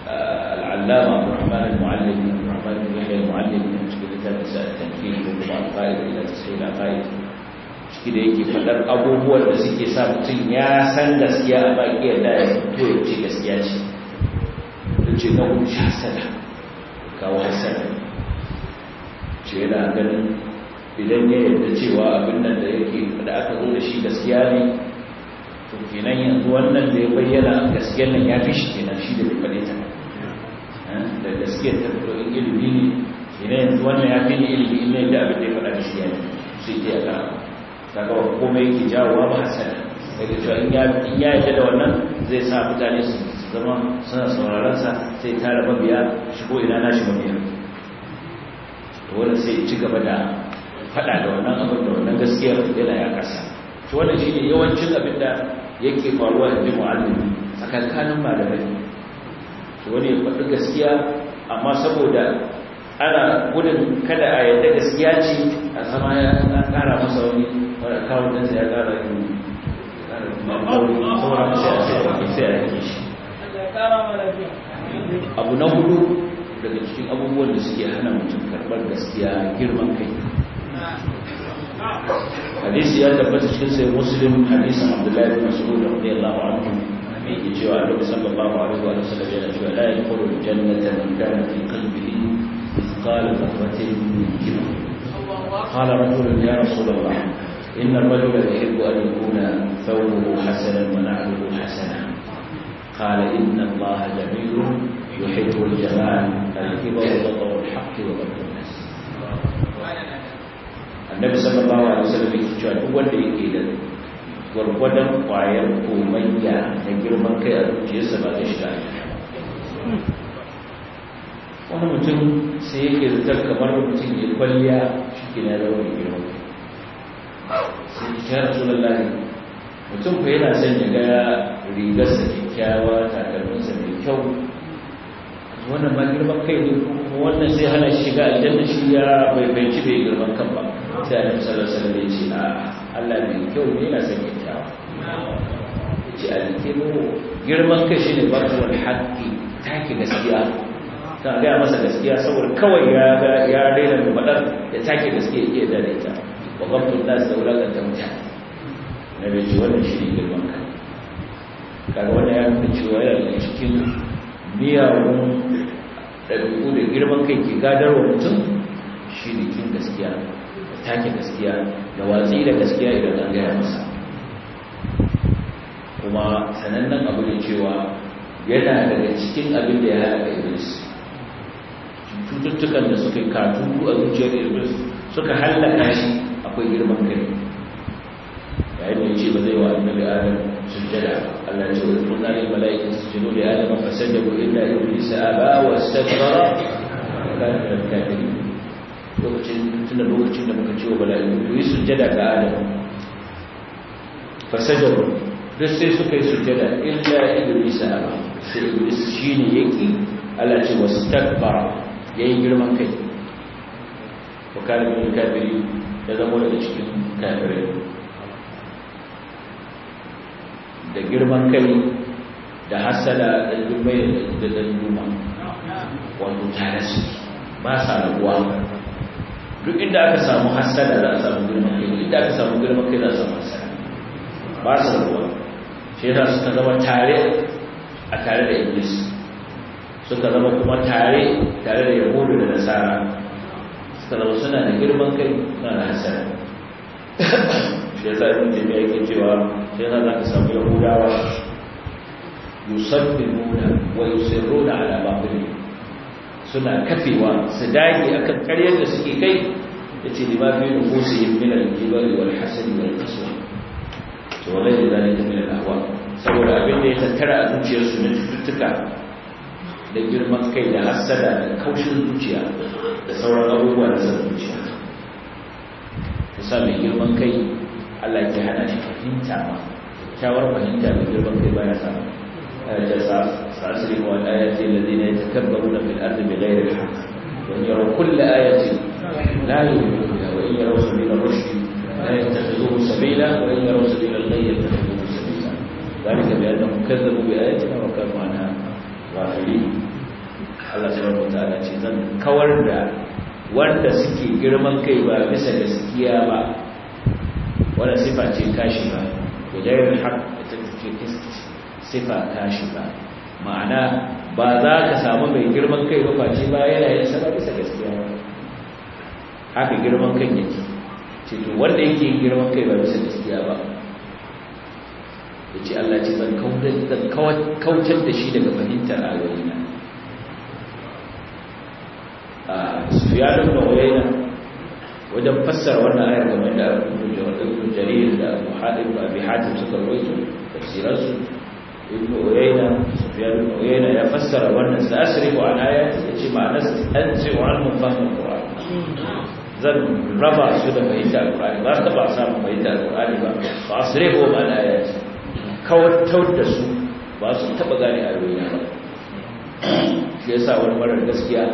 ah, al'allama Muhammad al-Muallim Muhammad al-Yahya al-Muallim ne cikin littafin sa ke da kuma al da ila sai na qaid ciki da yake fadar abubuwan da suke sa mutum ya san gaskiya a baki yadda ya fito ya ce gaskiya ce to ce na shi hasada kawo hasada ce yana ganin idan ya yadda cewa abin nan da yake da aka zo da shi gaskiya ne to kenan yanzu wannan da ya bayyana gaskiyar nan ya fi shi kenan shi da bai ta eh, da gaskiyar ta fito in ilimi ne kenan yanzu wannan ya fi ni ilimi in yadda abin da ya faɗa gaskiya ne sai ke aka kawo kome yake jawowa ba hasana daga cewa in ya yarda da wannan zai sa mutane su zama suna sauraron sa sai tara mabiya shi ko ina shi mabiya wanda sai ci gaba da faɗa da wannan abin da wannan gaskiyar yana ya kasa to wannan shine yawancin abin da yake faruwa da mu'allimi tsakankanin malamai to wani ya faɗi gaskiya amma saboda ana gudun kada a yadda gaskiya ce a zama ya ƙara masa wani wadda kawon ɗansa ya ƙara yi abu na hudu daga cikin abubuwan da suke hana mutum karɓar gaskiya girman kai hadisi ya tabbata cikin sai muslim hadisin abdullahi bin mas'ud radiyallahu anhu yake cewa annabi sallallahu alaihi wa sallam yana cewa la yadkhulu al-jannata man kana fi qalbihi mithqala dharratin min kibar قال رجل يا رسول الله إن الرجل يحب أن يكون ثوبه حسنا ونعله حسنا قال إن الله جميل يحب الجمال الكبر وضوء الحق وبطن annabi sallallahu alaihi wasallam yake cewa duk wanda yake da gwargwadon kwayar komayya da girman kai a zuciyarsa ba zai shiga wani mutum sai yake zartar kamar mutum ya kwalliya shi ke na rawar girma sai ya kyara sunan mutum ko yana son ya ga rigarsa kyakkyawa takalminsa mai kyau wannan ma girman kai ne ko kuma wannan sai hana shiga aljanna shi ya bai bai bai girman kan ba sai annabi sallallahu alaihi wasallam ya ce a Allah bai kyau ne yana son kyakkyawa ce alkimu girman kai shine da haqqi take gaskiya ta ga masa gaskiya saboda kawai ya ya daina da fadar ya take gaskiya yake da ita wa gamtu nas da wala da Na nabi ji wannan shi girman kai kaga wannan ya nuna cewa yana cikin miyagun ɗabi'u da girman kai ke gadarwa mutum shi ne kin gaskiya da take gaskiya da watsi da gaskiya idan an gaya masa kuma sanannen abu ne cewa yana daga cikin abin da ya haɗa iblis cututtukan da suka yi katutu a zuciyar iblis suka hallaka shi akwai girman kai yayin da yace ba zai wa annabi adam sujjada Allah ya ce wa kunna lil malaikati sujudu li adam fa sajadu illa iblis aba wa istakbara kan min al-kafirin lokacin tunda lokacin da muka ce wa to yi sujjada ga adam fa sajadu duk sai suka yi sujjada illa iblis aba sai iblis shine yake Allah ce wa istakbara yayin girman kai wa kana min al-kafirin ya zama daga cikin kafirai da girman kai da hasala da dumai da duma wato tare su ba sa rabuwa duk inda aka samu hasala za a samu girman kai duk inda aka samu girman kai za a samu hasala ba sa rabuwa shi yasa suka zama tare a tare da iblis suka zama kuma tare tare da yahudu da nasara suka zama suna da girman kai suna da hasala shi ya sa ibn yake cewa sai na zaka samu yahudawa yusabbihuna wa yusirruna ala ba'dihim suna kafewa su dage akan ƙaryar da suke kai yace lima fi nufusihim min al-jibal wal hasad wal qaswa to wallahi da ne min al-ahwa saboda abin da ya tattara a zuciyarsu na cututtuka da girman kai da hasada da kaushin zuciya da sauran abubuwa na zuciya sa mai girman kai Allah ke hana shi fahimta ma kyawar fahimta mai girman kai baya sa jasa eh, sa'asri wa ayati alladhina yatakabbaruna fil ardi bighayri haqq wa kull la yu'minuna wa in sabila ar-rushd la yattakhidhuhu sabila wa in sabila al-ghayy yattakhidhuhu sabila bi annahum bi ayatina wa kanu anha ghafilin Allah subhanahu wa ta'ala ce zan kawar da wanda suke girman kai ba bisa gaskiya ba wanda sifa ce kashi ba wajen haƙ ta ce sifa kashi ba ma'ana ba za ka samu mai girman kai ba face ba yana yin sa bisa gaskiya ba haka girman kan yake ce to wanda yake girman kai ba bisa gaskiya ba ya ce Allah ce ban kautar da shi daga fahimtar ayoyina sufyan ibn uyayna wajen fassara wannan ayar game da ibn jarir da abu hadim da abi hatim suka rawaito da su ibn uyayna sufyan ibn uyayna ya fassara wannan sa asrifu an ayati ce ma'ana an ce wa an fahimu qur'an zan raba su da ta alqur'ani ba ta ba samu ta alqur'ani ba fa asrifu an ayati kawatar da su ba su taba gane ayoyi ba shi yasa wani marar gaskiya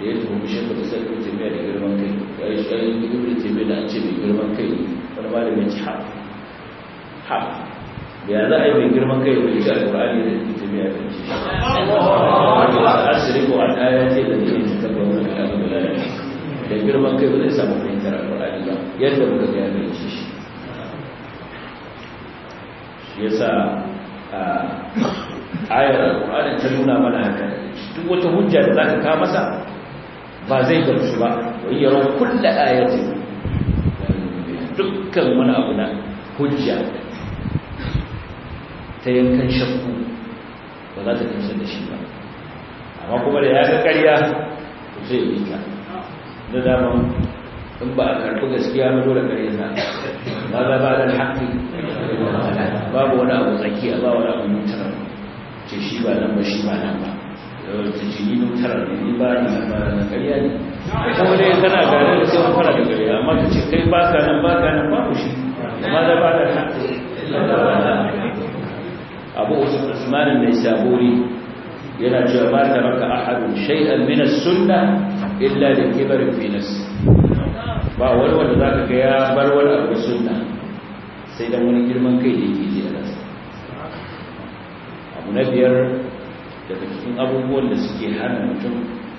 da ya tuhumi shi kuma sai kuma tafiya da girman kai ya yi shi ibn tafiya da an ce mai girman kai wani ba da mai ci haf haf ya za a yi mai girman kai wani shi alƙur'ani da ibn tafiya da shi wato asiri ko an ɗaya ce da ne ta taɓa wani kalama da lalata da girman kai ba zai samu fahimtar alƙur'ani ba yadda muka ga ya fahimci shi ya sa a ayar alƙur'anin ta nuna mana haka duk wata hujja da za ka kawo masa ba zai gamsu ba wa iya ran kulla ayatin dukkan wani abu na hujja ta yankan shakku ba za ta gamsu da shi ba amma kuma da ya ga karya zai yi ta da dama in ba a karɓi gaskiya ba dole karya na ba za ba da haƙƙi babu wani abu tsakiya ba wani abu mutar ce shi ba nan ba shi ba nan ba da jini don tara da ni ba ni ba na karya ne kuma dai kana gane da sai fara da karya amma ta ce kai ba ka nan ba ka nan babu shi amma da ba da abu usman ne saburi yana cewa ba ta raka ahadun shay'an min as-sunnah illa li kibarin fi nafsi ba wani wanda zaka ga ya bar wani abu sunna sai da wani girman kai da yake ji a nasa abu na biyar daga cikin abubuwan da suke hana mutum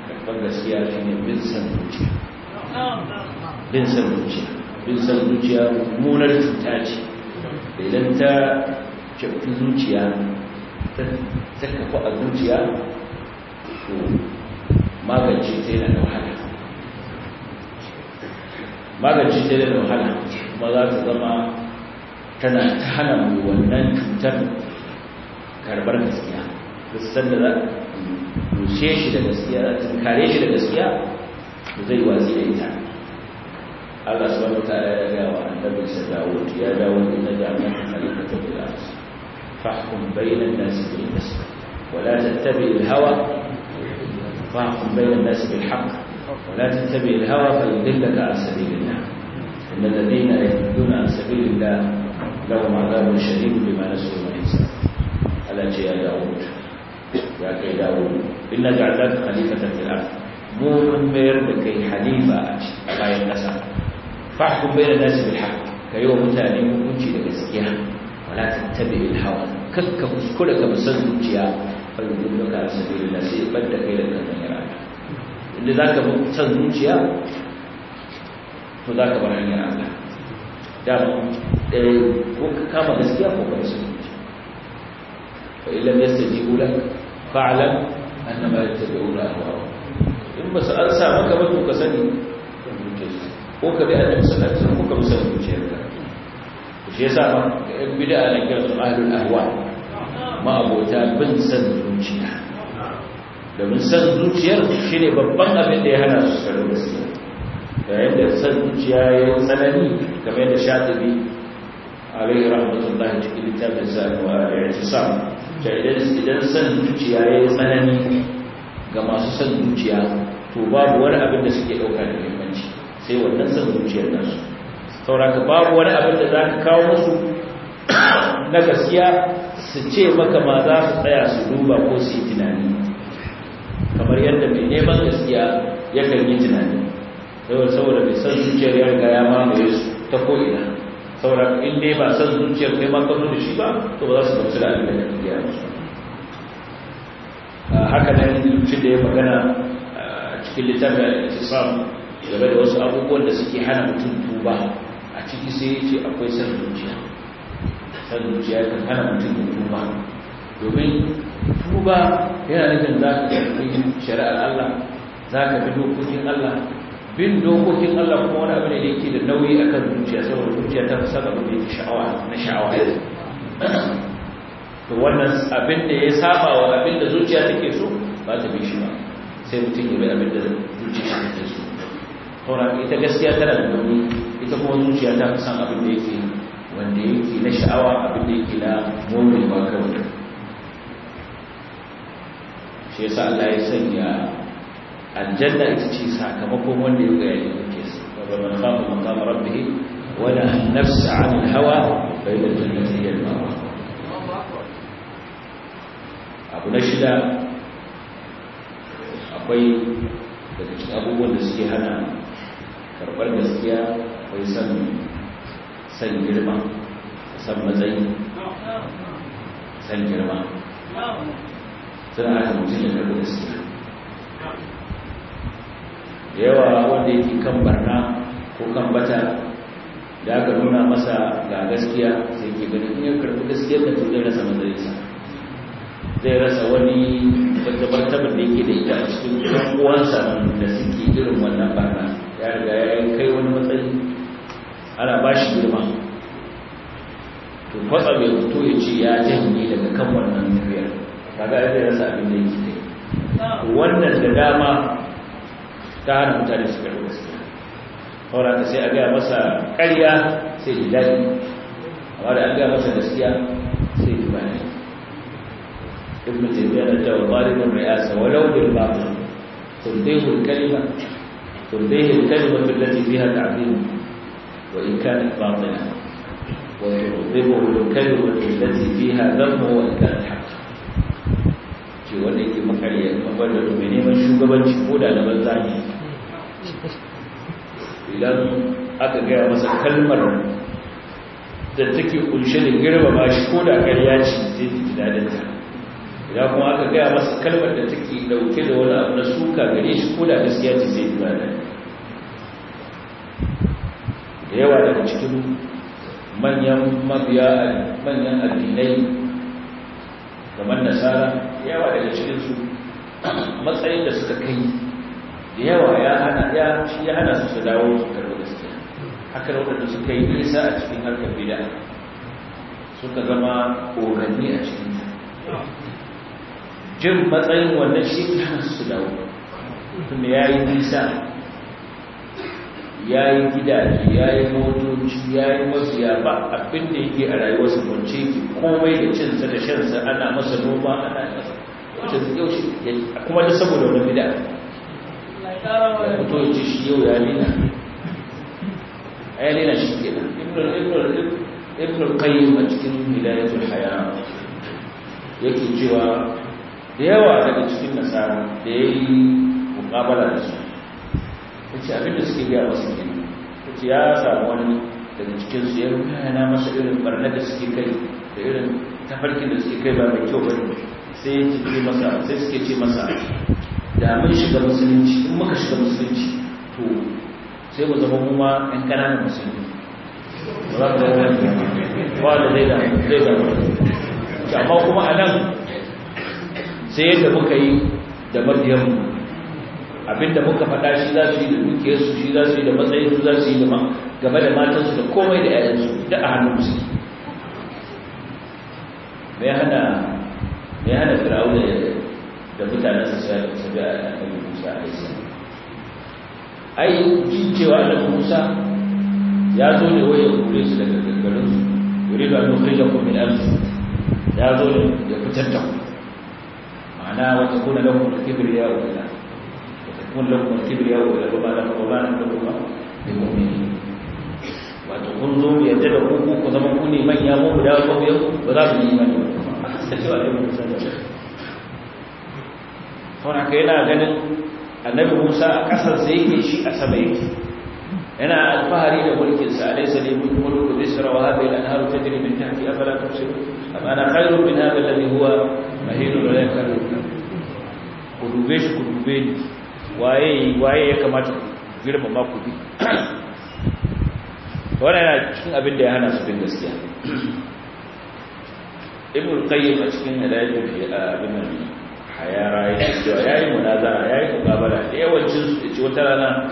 karɓar gaskiya shi ne bin san zuciya bin san zuciya bin san zuciya munar cuta ce da idan ta shafi zuciya ta kafa a zuciya to magance ta yana da wahala magance ta yana da wahala kuma za ta zama tana ta hana wannan cutar karɓar gaskiya da san da za ka rushe shi da gaskiya tunkare shi da gaskiya zai watsi da ita Allah subhanahu ta'ala ya ga wa annabi sallallahu ya dawo inna ja'alna khalifatan fil ardh fahkum bayna an-nasi bil qist wa la tattabi' al-hawa fahkum bayna an-nasi bil haqq wa la tattabi' al-hawa fayudillaka an sabilillah إن الذين يهدون عن سبيل الله لهم عذاب شديد بما نسوا من الإنسان ألا جاء داود ya kai dawo inna ja'alaka khalifatan fil ard mu mun mayar da kai halifa a bayan kasa fahkum bayna nasi bil haqq kai wa mutane hukunci da gaskiya wala tattabi al hawa kakka kuskura ka musan zuciya fa yudulluka sabilillah sai badda kai da kan yara inda zaka bi san zuciya to zaka bar hanyar Allah da ko ka kama gaskiya ko ka musan zuciya fa illam yastajibu lak fa'alam annama yattabi'una ahwa'ahum in ba su an sa maka ba to ka sani ko ka bi annabi sallallahu alaihi wasallam ko ka bi sanin zuciyarka to shi yasa ba yan bid'a ne kira su ahlul ahwa ma abota bin san zuciya domin san zuciyar ne babban abin da ya hana su karin gaskiya yayin da san zuciya ya yi tsanani kamar yadda shatibi alaihi rahmatullahi cikin littafin sa wa al-i'tisam da idan san zuciya ya yi tsanani ga masu san zuciya to babu wani abin da suke ɗauka da muhimmanci sai wannan san zuciyar nasu sauraka babu wani abin da za ka kawo musu na gaskiya su ce maka ma za su tsaya su duba ko su yi tunani kamar yadda mai neman gaskiya ya kan yi tunani saboda mai san zuciyar ya riga ya mamaye su ta ko'ina saboda in dai ba san zuciyar kai ma kan da shi ba to ba za su gamsu da abin da ya yi ah, haka nan mutum da ya magana ah, cikin littafin al-ittisam game da wasu abubuwan da suke hana mutum tuba a ciki sai ya akwai san zuciya san zuciya kan hana mutum tuba domin tuba yana nufin za ka yi shari'ar Allah za ka bi dokokin Allah bin dokokin Allah kuma wani abu ne da yake da nauyi akan zuciya saboda zuciya ta fi saba mai sha'awa na sha'awa to wannan abin da ya saba wa abin da zuciya take so ba ta bi shi ba sai mutum ya bi abin da zuciya take so kuma ita gaskiya tana da nauyi ita kuma zuciya ta fi san abin da yake wanda yake na sha'awa abin da yake na momewa kawai shi yasa Allah ya sanya aljanna ita ce sakamakon wanda ya ga yayin yake wa man khafa maqama rabbih wa la nafsa 'an hawa fa ila jannati hiya al-mawa abu na shida akwai daga cikin abubuwan da suke hana karɓar gaskiya akwai san san girma san matsayi san girma suna hana mutum da karɓar gaskiya da yawa wanda yake kan barna ko kan bata da aka nuna masa ga gaskiya sai ke ganin in ya gaskiyar da zai rasa zai rasa wani tabbatar da yake da ita a cikin ɗan da suke irin wannan barna ya riga ya kai wani matsayi ana ba shi girma to kwatsa mai fito ya ce ya janye daga kan wannan tafiyar kaga ya rasa abin da yake wannan da dama ta hana mutane su karɓi gaskiya kawai ka sai a gaya masa ƙarya sai ji daɗi amma da an gaya masa gaskiya sai ji ba ne ibn tabiya da ta walibin riyasa walau bil batil tundihu kalima tundihu kalima allati fiha ta'zim wa in kanat batila wa tundihu kalima biya fiha dhamma wa in kanat haqqan ce wanda yake makariya kamar da domin neman shugabanci ko da na banza ne idan aka gaya masa kalmar da take kunshe da girmama shi ko da ƙarya ce zai ji dadinta idan kuma aka gaya masa kalmar da take dauke da wani abu na suka gare shi ko da gaskiya ce zai ji dadin da yawa daga cikin manyan mabiya manyan addinai kamar nasara yawa daga cikin su matsayin da suka kai da yawa ya hana ya shi ya hana su dawo su karɓi gaskiya haka da wadanda suka yi nisa a cikin harkar bida suka zama ƙoranni a cikin jin matsayin wannan shi ya hana su dawo mutum ya yi nisa ya yi gidaje ya yi motoci ya yi mafiya ba abin da yake a rayuwarsa mace ki komai da cinsa da shansa ana masa noma ana masa yau shi kuma da saboda wani bida ya fito ya shi yau ya nina ya nina shi ke nan ibnul qayyim a cikin hidayatul haya yake cewa da yawa daga cikin nasara da ya yi mukabala da su ya ce abinda suke gaya wasu gini ya ce ya samu wani daga cikin su ya rukana masa irin barna da suke kai da irin tafarkin da suke kai ba mai kyau ba sai suke ce masa da mun shiga musulunci in muka shiga musulunci to sai mu zama kuma ɗan ƙananan musulmi ba za ka zama ba da zai da zai da amma kuma a nan sai yadda muka yi da mu, abinda muka faɗa shi za su yi da dukiyarsu shi za su yi da matsayinsu za su yi da game da matansu da komai da 'ya'yansu da a hannun su mai hana mai hana fir'auna ya da mutane su sai da su da annabi Musa a salam ai jin da Musa ya zo ne waye kure su daga gaggarin su yuri kai an ku min al ya zo ne ya fitar da ku ma'ana wa takuna lakum al-kibriya wa la takun lakum al-kibriya wa la ba lakum ma lakum bi mu'minin wato kun zo ya da ku ku zama ku ne manya mu da ku ba za ku yi imani ba haka sai cewa da Musa da saboda ka yana ganin annabi musa a ƙasar sai yake shi a sama yake yana alfahari da mulkinsa alaysa li mulku mulku misra wa hadhihi al-anharu tajri min tahti afala tubsirun am ana khayrun min hadha alladhi huwa mahinun la yakadu ku dube shi ku dube ni waye waye ya kamata ku girmama ku bi wannan yana cikin abin da ya hana su bin gaskiya ibn qayyim a cikin hidayat abin nan a yara ya ce cewa ya yi munazara ya yi mukabala da yawancin su da ce rana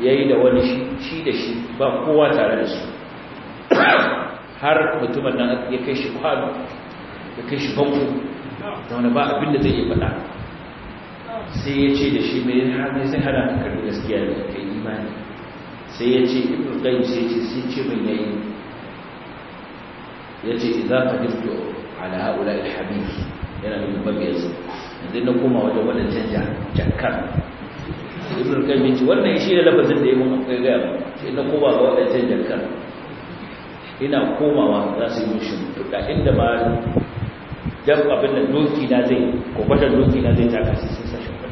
ya yi da wani shi da shi ba kowa tare da su har mutumin nan ya kai shi kwano ya kai shi banko da wani ba abinda zai yi faɗa sai ya ce da shi mai hannun sai hana ka karbi gaskiya da kai imani sai ya ce ibn ɗan sai ce sai ce mai yayi ya ce idza qadirtu ala haula alhabib yana da mabiyansa yanzu na koma wajen wannan canja jakar. ibn qayyim ce wannan shi ne lafazin da yayin mun gaya ba sai na koma ga wannan canja jakar. ina komawa za su yi da inda ba don abin da doki na zai kwakwata doki na zai taka sai sun sa shimfiɗa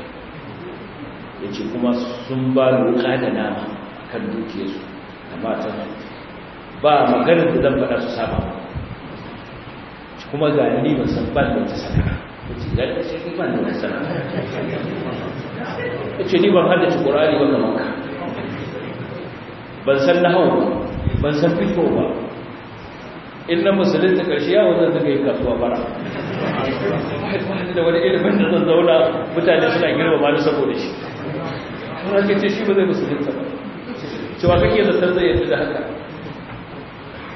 ya ce kuma sun ba wuka da nama kan dukiyarsu amma ta ba maganar da zan faɗa su saba kuma ga ni ban san ban da ta sana'a zalika shi kuma da ya ce ni ban haddace ƙorari ba kamar ban san na hau ban san fito ba in na musulunta ƙarshe yawon zan zaga yi kasuwa bara da wani ilimin da zan zauna mutane suna girma ba na saboda shi kuma ake ce shi ba zai ta ba ba kake zartar zai yadda da haka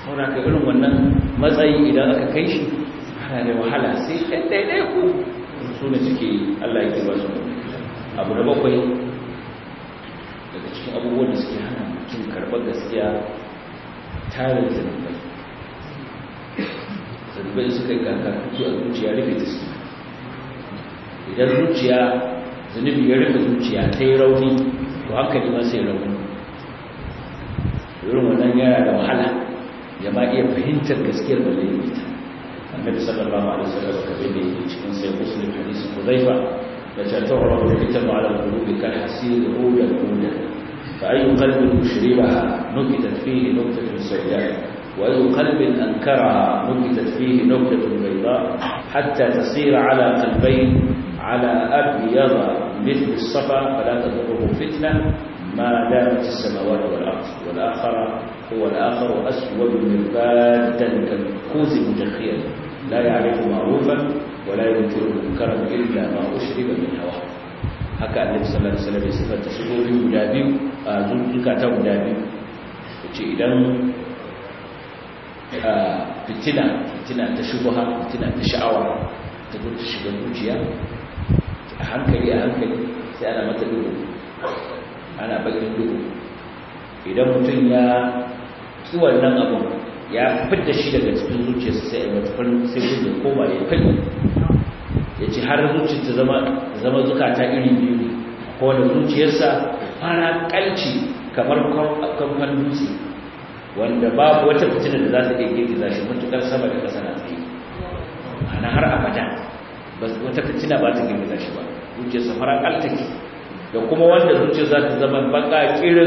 sauna ka irin wannan matsayi idan aka kai shi mutane wahala sai ɗan ɗaiɗai ku su ne suke Allah ya ba su abu da bakwai daga cikin abubuwan da suke hana mutum karɓar gaskiya tarin zanubai zanubai suka yi kaka a zuciya rufe ta su idan zuciya zanubi ya rufe zuciya ta yi rauni to haka ne ma yi rauni irin wannan yana da wahala ya ma iya fahimtar gaskiyar yi ita النبي صلى الله عليه وسلم كبيره من سيد مسلم حديث حذيفة التي تعرض الفتن على القلوب كالحسين أولا أولا فأي قلب أشربها نكتت فيه نكتة سوداء وأي قلب أنكرها نكتت فيه نكتة بيضاء حتى تصير على قلبين على أبيض مثل الصفا فلا تضره فتنة ما دامت السماوات والأرض والآخر هو الآخر أسود مربادا كالكوز مجخيا لا يعرف معروفا ولا ينكر منكرا الا ما اشرب من هواه haka annabi sallallahu alaihi wasallam sifar ta shigo guda biyu a zuntuka ta guda biyu ce idan fitina fitina ta shubha fitina ta sha'awa ta zo ta shiga zuciya a hankali a hankali sai ana mata duhu ana bakin duhu idan mutum ya ki wannan abin ya fita shi daga cikin zuciyarsa sai ya matukar sai gudu koma ya kai ya ci har zuciyarsa zama zama zukata iri biyu ne ko da zuciyarsa fara kalci kamar kamfan dutse wanda babu wata fitina da za ta iya girgiza shi matukar sama da kasa na tsaye ana har abada wata fitina ba ta girgiza shi ba zuciyarsa fara ke. da kuma wanda zuciyar za ta zama baka kirin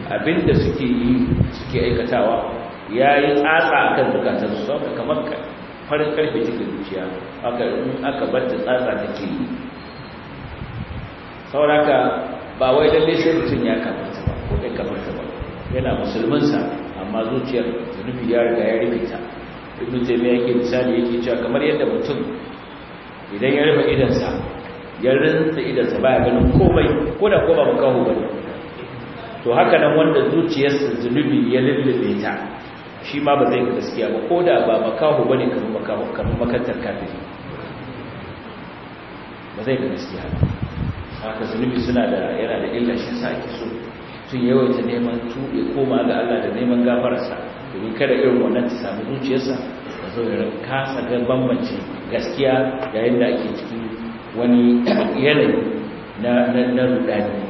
abinda suke yi suke aikatawa ya yi tsatsa a kan bukatar su sauka kamar farin karfe cikin zuciya aka aka barta tsatsa ke yi sauraka ba wai lalle sai mutum ya kamata ba ko ɗai kamata ba yana musulminsa, amma zuciyar zunubi ya riga ya rufe ta jami ya ke misali ke cewa kamar yadda mutum idan ya rufe idansa ya rinsa idansa ya ganin komai ko da ko ba mu kawo ba. to haka nan wanda zuciyarsa zunubi ya lullube ta shi ma ba zai gaskiya ba ko da ba makahu bane kamar makahu kamar makantar kafiri ba zai gaskiya ba haka zunubi suna da yana da illa shi sa ake so tun ta neman tuɓe koma ga Allah da neman gafararsa domin kada irin wannan ta samu zuciyarsa ba zo ya kasa ga bambance gaskiya yayin da ake cikin wani yanayi na na rudani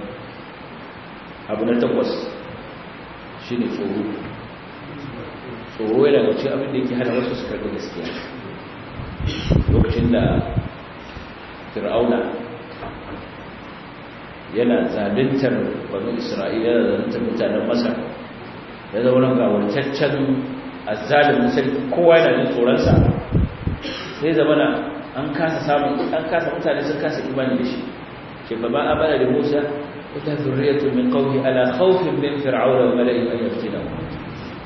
abu na takwas shi ne tsoro tsoro yana da cikin abin da yake hana wasu su karbi gaskiya lokacin da fir'auna yana zabintar wani isra'ila yana zabintar mutanen masar ya zauna ga wancaccen azalimin sarki kowa yana jin tsoronsa sai zamana an kasa samun an kasa mutane sun kasa imani da shi ce ba ba a bada da musa إلا ذرية من قومه على خوف من فرعون وملئه أن يفتنهم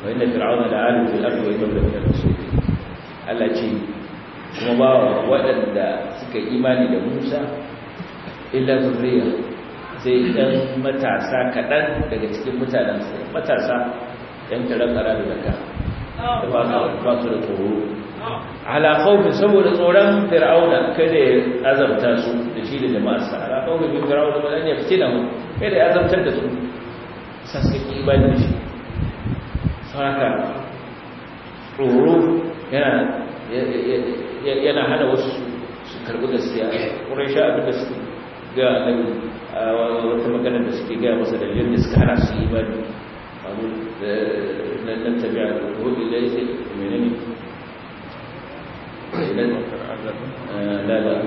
وإن فرعون لعالم في الأرض ويضل من المشركين ألا تي مبارك وأن ذاك إيمان لموسى إلا ذرية زي إن متى ساكتن لكي متى نمسك متى ساكتن ينكلم أراد لك فاطرة وروح ala khawfin saboda tsoron fir'auna kada ya azabta su da shi da jama'arsa ala khawfin bin fir'auna ba zan ya da mu kada ya azabtar da su sassaki ba da shi saka tsoro yana hana wasu su karbi gaskiya ƙurai sha abin da su ga nan wata maganar da suke gaya masa dalilin da suka hana su yi ba da na tabi'a da hudu da ya ce menene لا لا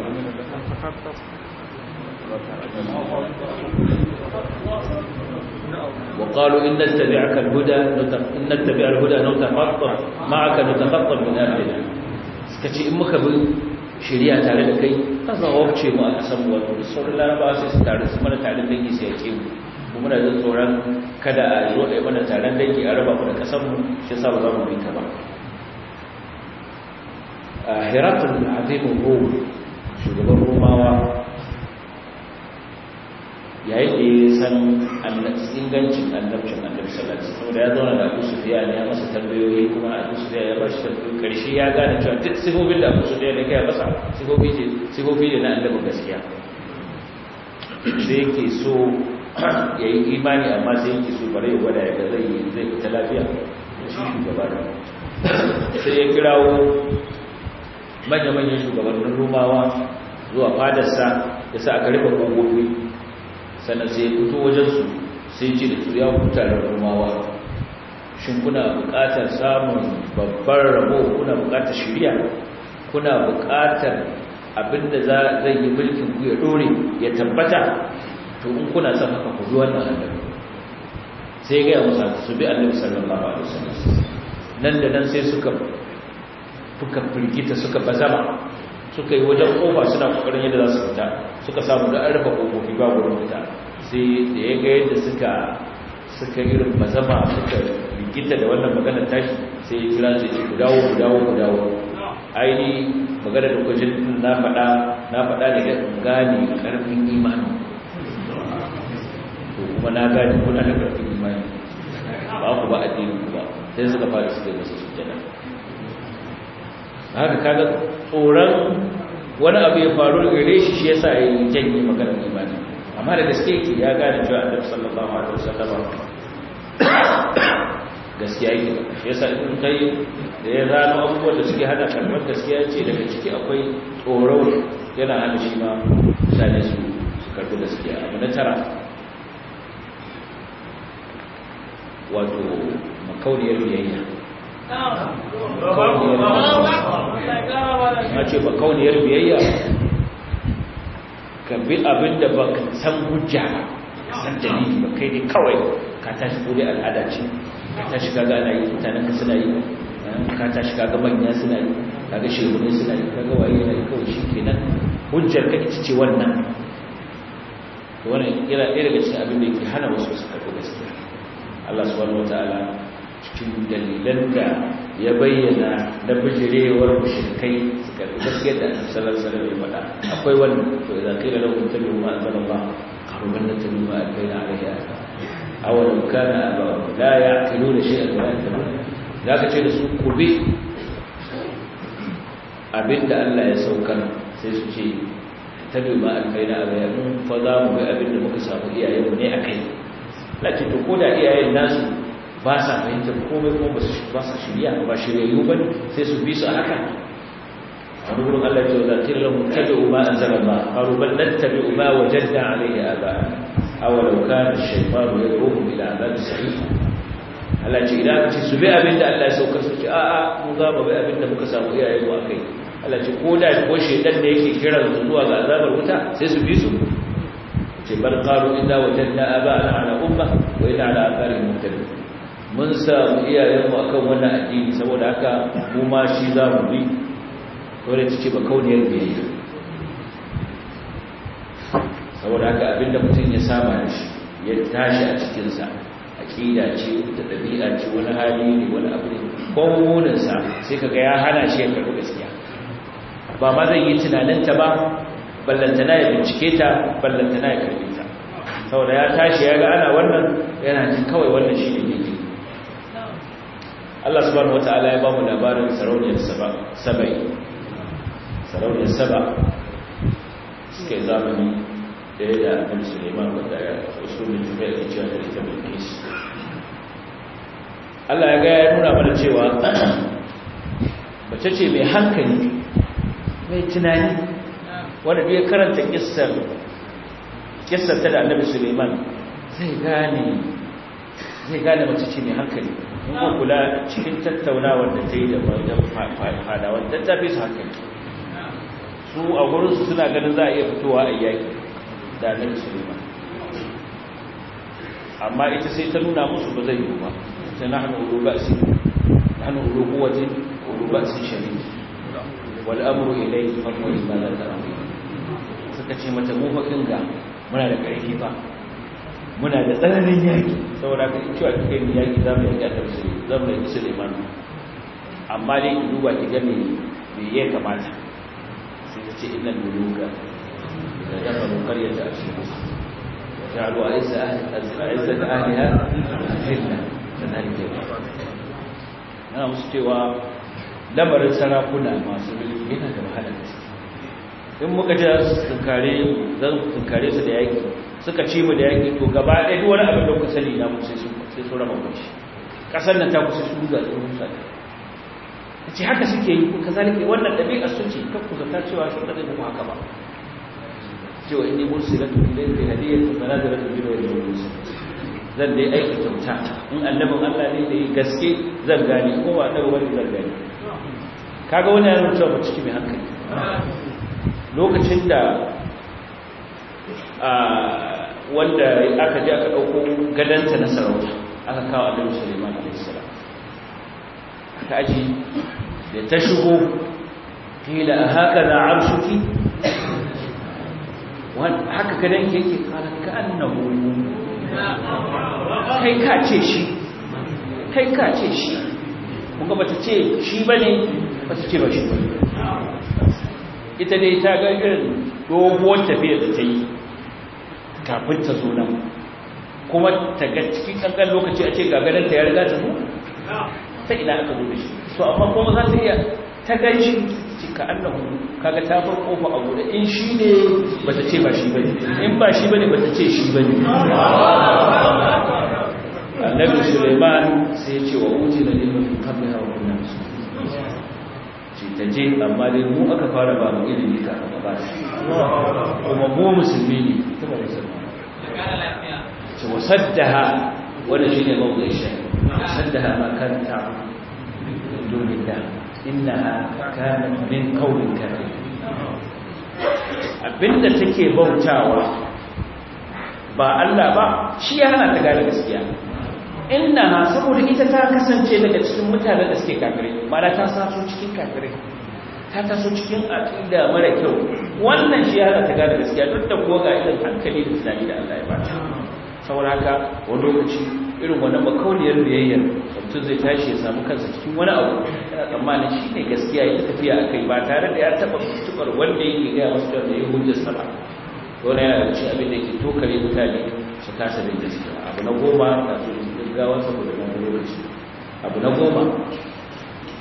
وقالوا إن نتبعك الهدى إن نتبع الهدى نتخطر معك نتخطر من أهلنا كشي إمك بشريعة تعلمك تظهر شيء ما أحسن وطول صلى الله عليه وسلم تعلم سمنا تعلم بيك سيأتي ومنا ذات طوران كذا آئي وإمنا تعلم بيك أربا ونكسم شسا وضعه بيك بيك herakul azimin roma shugaban rumawa ya yi da ya san ingancin annabcin annabcin salati saboda ya zauna da abu sufiya ne ya masa tambayoyi kuma abu sufiya ya shi tambayoyi karshe ya gane cewa duk sifofin da abu sufiya ne kai masa sifofi ne na annabin gaskiya zai ke so ya yi imani amma sai yake so bare ya gwada yadda zai yi zai fita lafiya da shi shugaba da sai ya kirawo manya-manyan shugabannin rumawa zuwa fadarsa ya sa aka rufe kogofi sannan sai fito wajensu sai ce da su ya da shin kuna buƙatar samun babbar rabo kuna buƙatar shirya kuna buƙatar abinda zai yi mulkin ku ya dore ya tabbata to in kuna son haka ku zuwa nan annabi sai ga musa su bi annabi sallallahu alaihi wasallam nan da nan sai suka suka firgita suka bazama suka yi wajen kofa suna kokarin yadda za su fita suka samu da an rufe kofofi ba gurin fita sai da ya ga yadda suka suka rufe bazama suka rigita da wannan maganar tashi sai kira sai ku dawo ku dawo ku dawo aini maganar da kwajin na faɗa na faɗa da ya gane ƙarfin imani to kuma na gane kuna da ƙarfin imani ba ku ba addinin ku ba sai suka fara su yi masa sujjada haka kaga tsoron wani abu ya faru da gare shi shi yasa ya janye magana imani amma da gaske yake ya gane cewa annabi sallallahu alaihi wasallam gaskiya yake shi yasa ibn kai da ya zano abubuwan da suke hada kalmar gaskiya ce daga ciki akwai tsoro yana hana shi ma mutane su su karbi gaskiya abu na tara wato makauniyar biyayya a ce ba kauniyar biyayya ka bi abin da ba ka san hujja ka san dalili ba kai ne kawai ka tashi kuri al'ada ce ka tashi ga ana yi mutanen ka suna yi eh, ka tashi ga manya suna yi ga shirgune suna yi kaga waye yana yi kawai shi kenan hujjar ka ita ce wannan wani yana ɗaya daga cikin abin da ke hana wasu su karɓi gaskiya Allah subhanahu ala. cikin dalilan da ya bayyana na bijirewar mushrikai su karbi gaske da annabi sallallahu alaihi wasallam ya faɗa akwai wannan to idan kai da lahum tabi'u ma anzalallah qaruban la tabi'u ma a ta a wani kana aba shi a shay'an ya tabi yahtamuna zaka ce da su ku bi abinda Allah ya saukar sai su ce tabi ma na alaihi mun fa za mu ga abinda muka samu iyayenmu ne kai? lakin to koda iyayen nasu ba sa fahimtar komai ko ba sa shirya ba shiryayyu ba sai su bi su a haka A wurin Allah ce za ta lahu tabi'u ma anzala ba qalu bal nattabi'u ma wajadna alayhi aba aw law kana ash-shaytanu yad'uhum ila adab sa'id Allah ce idan ce su bi abinda Allah ya sauka su ce a a mu za mu bi abinda muka samu iyaye mu kai. Allah ce ko da ko shedan da yake kiran su zuwa ga azabar wuta sai su bi su ce bal qalu idza ba aba ala umma wa ila ala abarihim mutane? mun samu iyayenmu akan wannan addini saboda haka mu ma shi za mu bi wanda ta ce ba kauniyar biyayya saboda haka abinda mutum ya saba da shi ya tashi a cikinsa aƙida ce da ɗabi'a ce wani hali ne wani abu ne kowanninsa sai kaga ya hana shi ya karɓi gaskiya ba ma zai yi tunaninta ba ballantana ya bincike ta ballantana ya karɓi ta saboda ya tashi ya ga ana wannan yana jin kawai wannan shi ne ne Allah subhanahu wata'ala ya ba mu labarin sarauniyar saba'i sarauniyar saba suke yi zamani ɗaya da abin suleiman wanda ya mai juma'a da cewa da ita mai nisi Allah ya ga ya nuna mana cewa (clears throat) mace ce mai hankali mai tunani wanda biya karanta kissar kissar ta da annabi suleiman zai gane zai gane mace ce mai hankali ko kula cikin tattaunawar da ta yi da fada da ta fi su haka su a gurinsu suna ganin za a iya fitowa a yaki da nan suleiman amma ita sai ta nuna musu ba zai yi ba ta na hannu uluba su na hannu ulubu wajen uluba su shari wal amru ilai farko ba za ta suka ce mata mu fa kinga muna da ƙarfi ba muna da tsananin yaki saboda ka in cewa kika yi yaki za mu yaki a tafsiri za mu yaki suleiman amma dai in duba ki ga me ya kamata sai ta ce inna muluka da dafaru karyata a cikin musu da ta'alu a isa da ahliha zilla da nalike ana musu cewa lamarin sarakuna masu mulki yana da wahalar in muka ji su tunkare su da yaki suka ci mu da yaƙi to gaba ɗaya duk wani abin da kuka sani na mu sai su sai su raba mu shi ƙasar nan ta kusa su ruga su rusa ta ce haka suke yi kuka ke wannan ɗabi'ar su ce kan kusa ta cewa shi ɗaɗe kuma haka ba cewa in ne mursi na tuni da yake hadiyar ta tsara da rabin biro da musu. zan dai aiki kyauta in annabin allah ne da yi gaske zan gane ko ba ɗaga wani zan gane kaga wani yaron cewa ba ciki mai hankali lokacin da ah, wanda aka je aka ɗauko gadanta na sarauta aka kawo annabi suleiman alaihissalam aka aji da ta shigo kila haka na arshuki haka ke yake kala ka annabu kai ka ce shi kai ka ce shi kuma bata ce shi bane bata ce ba shi bane ita dai ta ga irin doguwar tafiyar da ta yi kafin ta zo nan kuma ta ga cikin kankan lokaci a ce ga ta ya riga ta zo ta ina aka zo da shi So amma kuma za ta iya ta gan shi cika hudu kaga ta bar kofa a gudu, in shi ne ba ta ce ba shi ne in ba shi ne ba ta ce shi bane annabi Sulaiman sai ya ce wa uti da ilmi min hawa wa su ce ta je amma dai mu aka fara ba mu ilimi ka ba kuma mu musulmi ne ta ba musulmi ta wasaddaha wanda shine mawdu'in shi wasaddaha ma kan ta da ina kana min qawlin kare. abinda take bautawa ba Allah ba shi ya hana ta gari gaskiya ina saboda ita ta kasance daga cikin mutanen da suke kafirai ba da ta saso cikin kafirai ta taso cikin aqida mara kyau wannan shi ya ta gane gaskiya duk da kuwa ga irin hankali da tunani da Allah ya ba ta saboda haka wani lokaci irin wannan makauniyar biyayyar mutum zai tashi ya samu kansa cikin wani abu yana tsammanin shi ne gaskiya ya tafiya a kai ba tare da ya taɓa tubar wanda yake gaya masu da ya hujja sama wani yana da cin abin da yake tokare mutane su kasa da gaskiya abu na goma na su gaggawa saboda wani lokaci abu na goma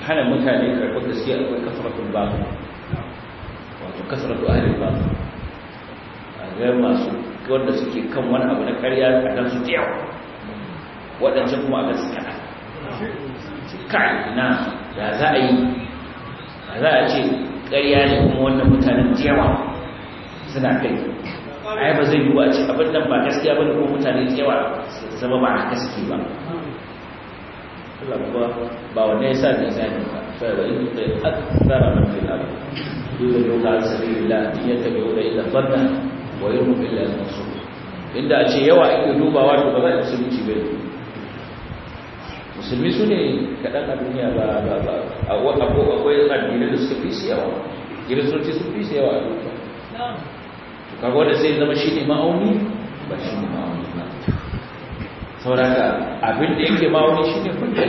hana mutane karɓar gaskiya akwai kasaratun babu wato kasratu ahlil babu a ga masu wanda suke kan wani abu na karya a kan su tiyawa waɗancan kuma a kaɗa kai na ya za a yi za a ce karya ne kuma wannan mutanen tiyawa suna kai a yi ba zai yi wa ce abin nan ba gaskiya ba ne kuma mutane jewa zama ba a gaske ba Allah kuwa ba wannan yasa da zani ba fa wa in ta akthara min fil ard yudilluka an sabilillah yattabi'una illa dhanna wa yarmu illa al-mansur inda a ce yawa ake dubawa to ba za a musulunci ba musulmi su ne kaɗan a duniya ba ba ba akwai addinai da suka fi su yawa kiristoci sun fi su yawa a duniya kaga wanda sai zama shi ne ma'auni ba shi ne ma'auni ba sauraka abin da yake ma wani shine hujja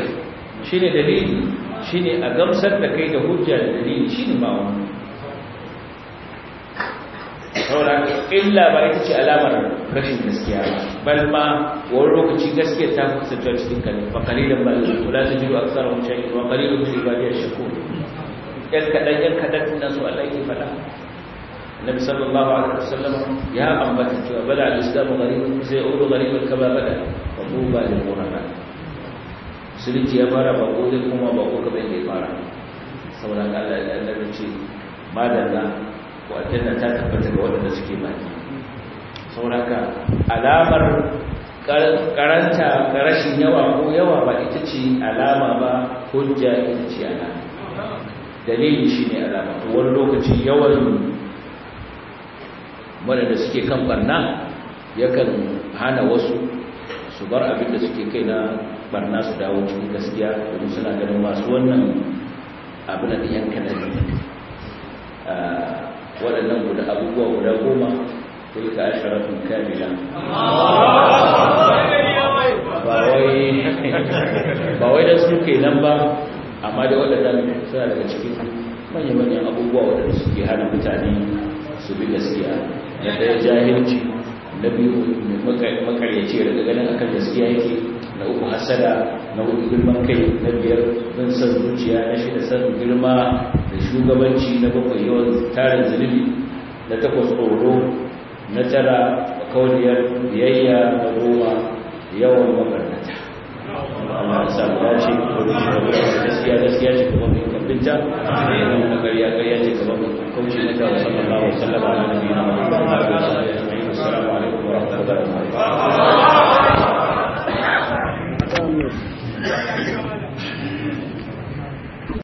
shine dalili shine a gamsar da kai da hujja da dalili shine ma wani sauraka illa ba ita ce alamar rashin gaskiya ba bal ma wani lokaci gaskiya ta fi kasancewa cikin kalli ba kalilan ba kula ta jiru a wancan yi ba kalilan su ba biya shakku Ƴan kaɗan yan kaɗan tunan su Allah yake faɗa النبي صلى الله عليه وسلم يا أمة بلع الإسلام غريب سيعود غريبا كما بدأ وطوبى للغرباء musulunci ya fara bako zai kuma bako kamar da ya fara saboda Allah da Allah ce madalla ko aljanna ta tabbata ga waɗanda suke baki saboda ka alamar karanta ga rashin yawa ko yawa ba ita ce alama ba hujja ita ce alama shi ne alama wani lokaci yawan waɗanda suke kan barna yakan hana wasu su bar abin da suke kai na barna su dawo cikin gaskiya da suna ganin masu wannan abin da yan kaɗan waɗannan guda abubuwa guda goma tilka asharatun kamila ba wai da suke nan ba amma da waɗannan suna daga cikin manya-manyan abubuwa waɗanda suke hana mutane su bi gaskiya na ɗaya jahilci na biyu makaryaci daga ganin akan gaskiya yake na uku hasada na hudu girman kai na biyar bin san zuciya na shida san girma da shugabanci na bakwai yawan tarin zunubi na takwas tsoro na tara makauniyar biyayya na goma yawan mabarnata Allah ya sa kuma dace domin shugabanci gaskiya gaskiya ce kuma mai kabinta da yin nuna ƙarya ƙarya ce kuma kauce na kawo sallallahu alaihi wa sallam ala nabiyina Muhammad sallallahu alaihi wa sallam assalamu alaikum wa rahmatullahi da barakatuh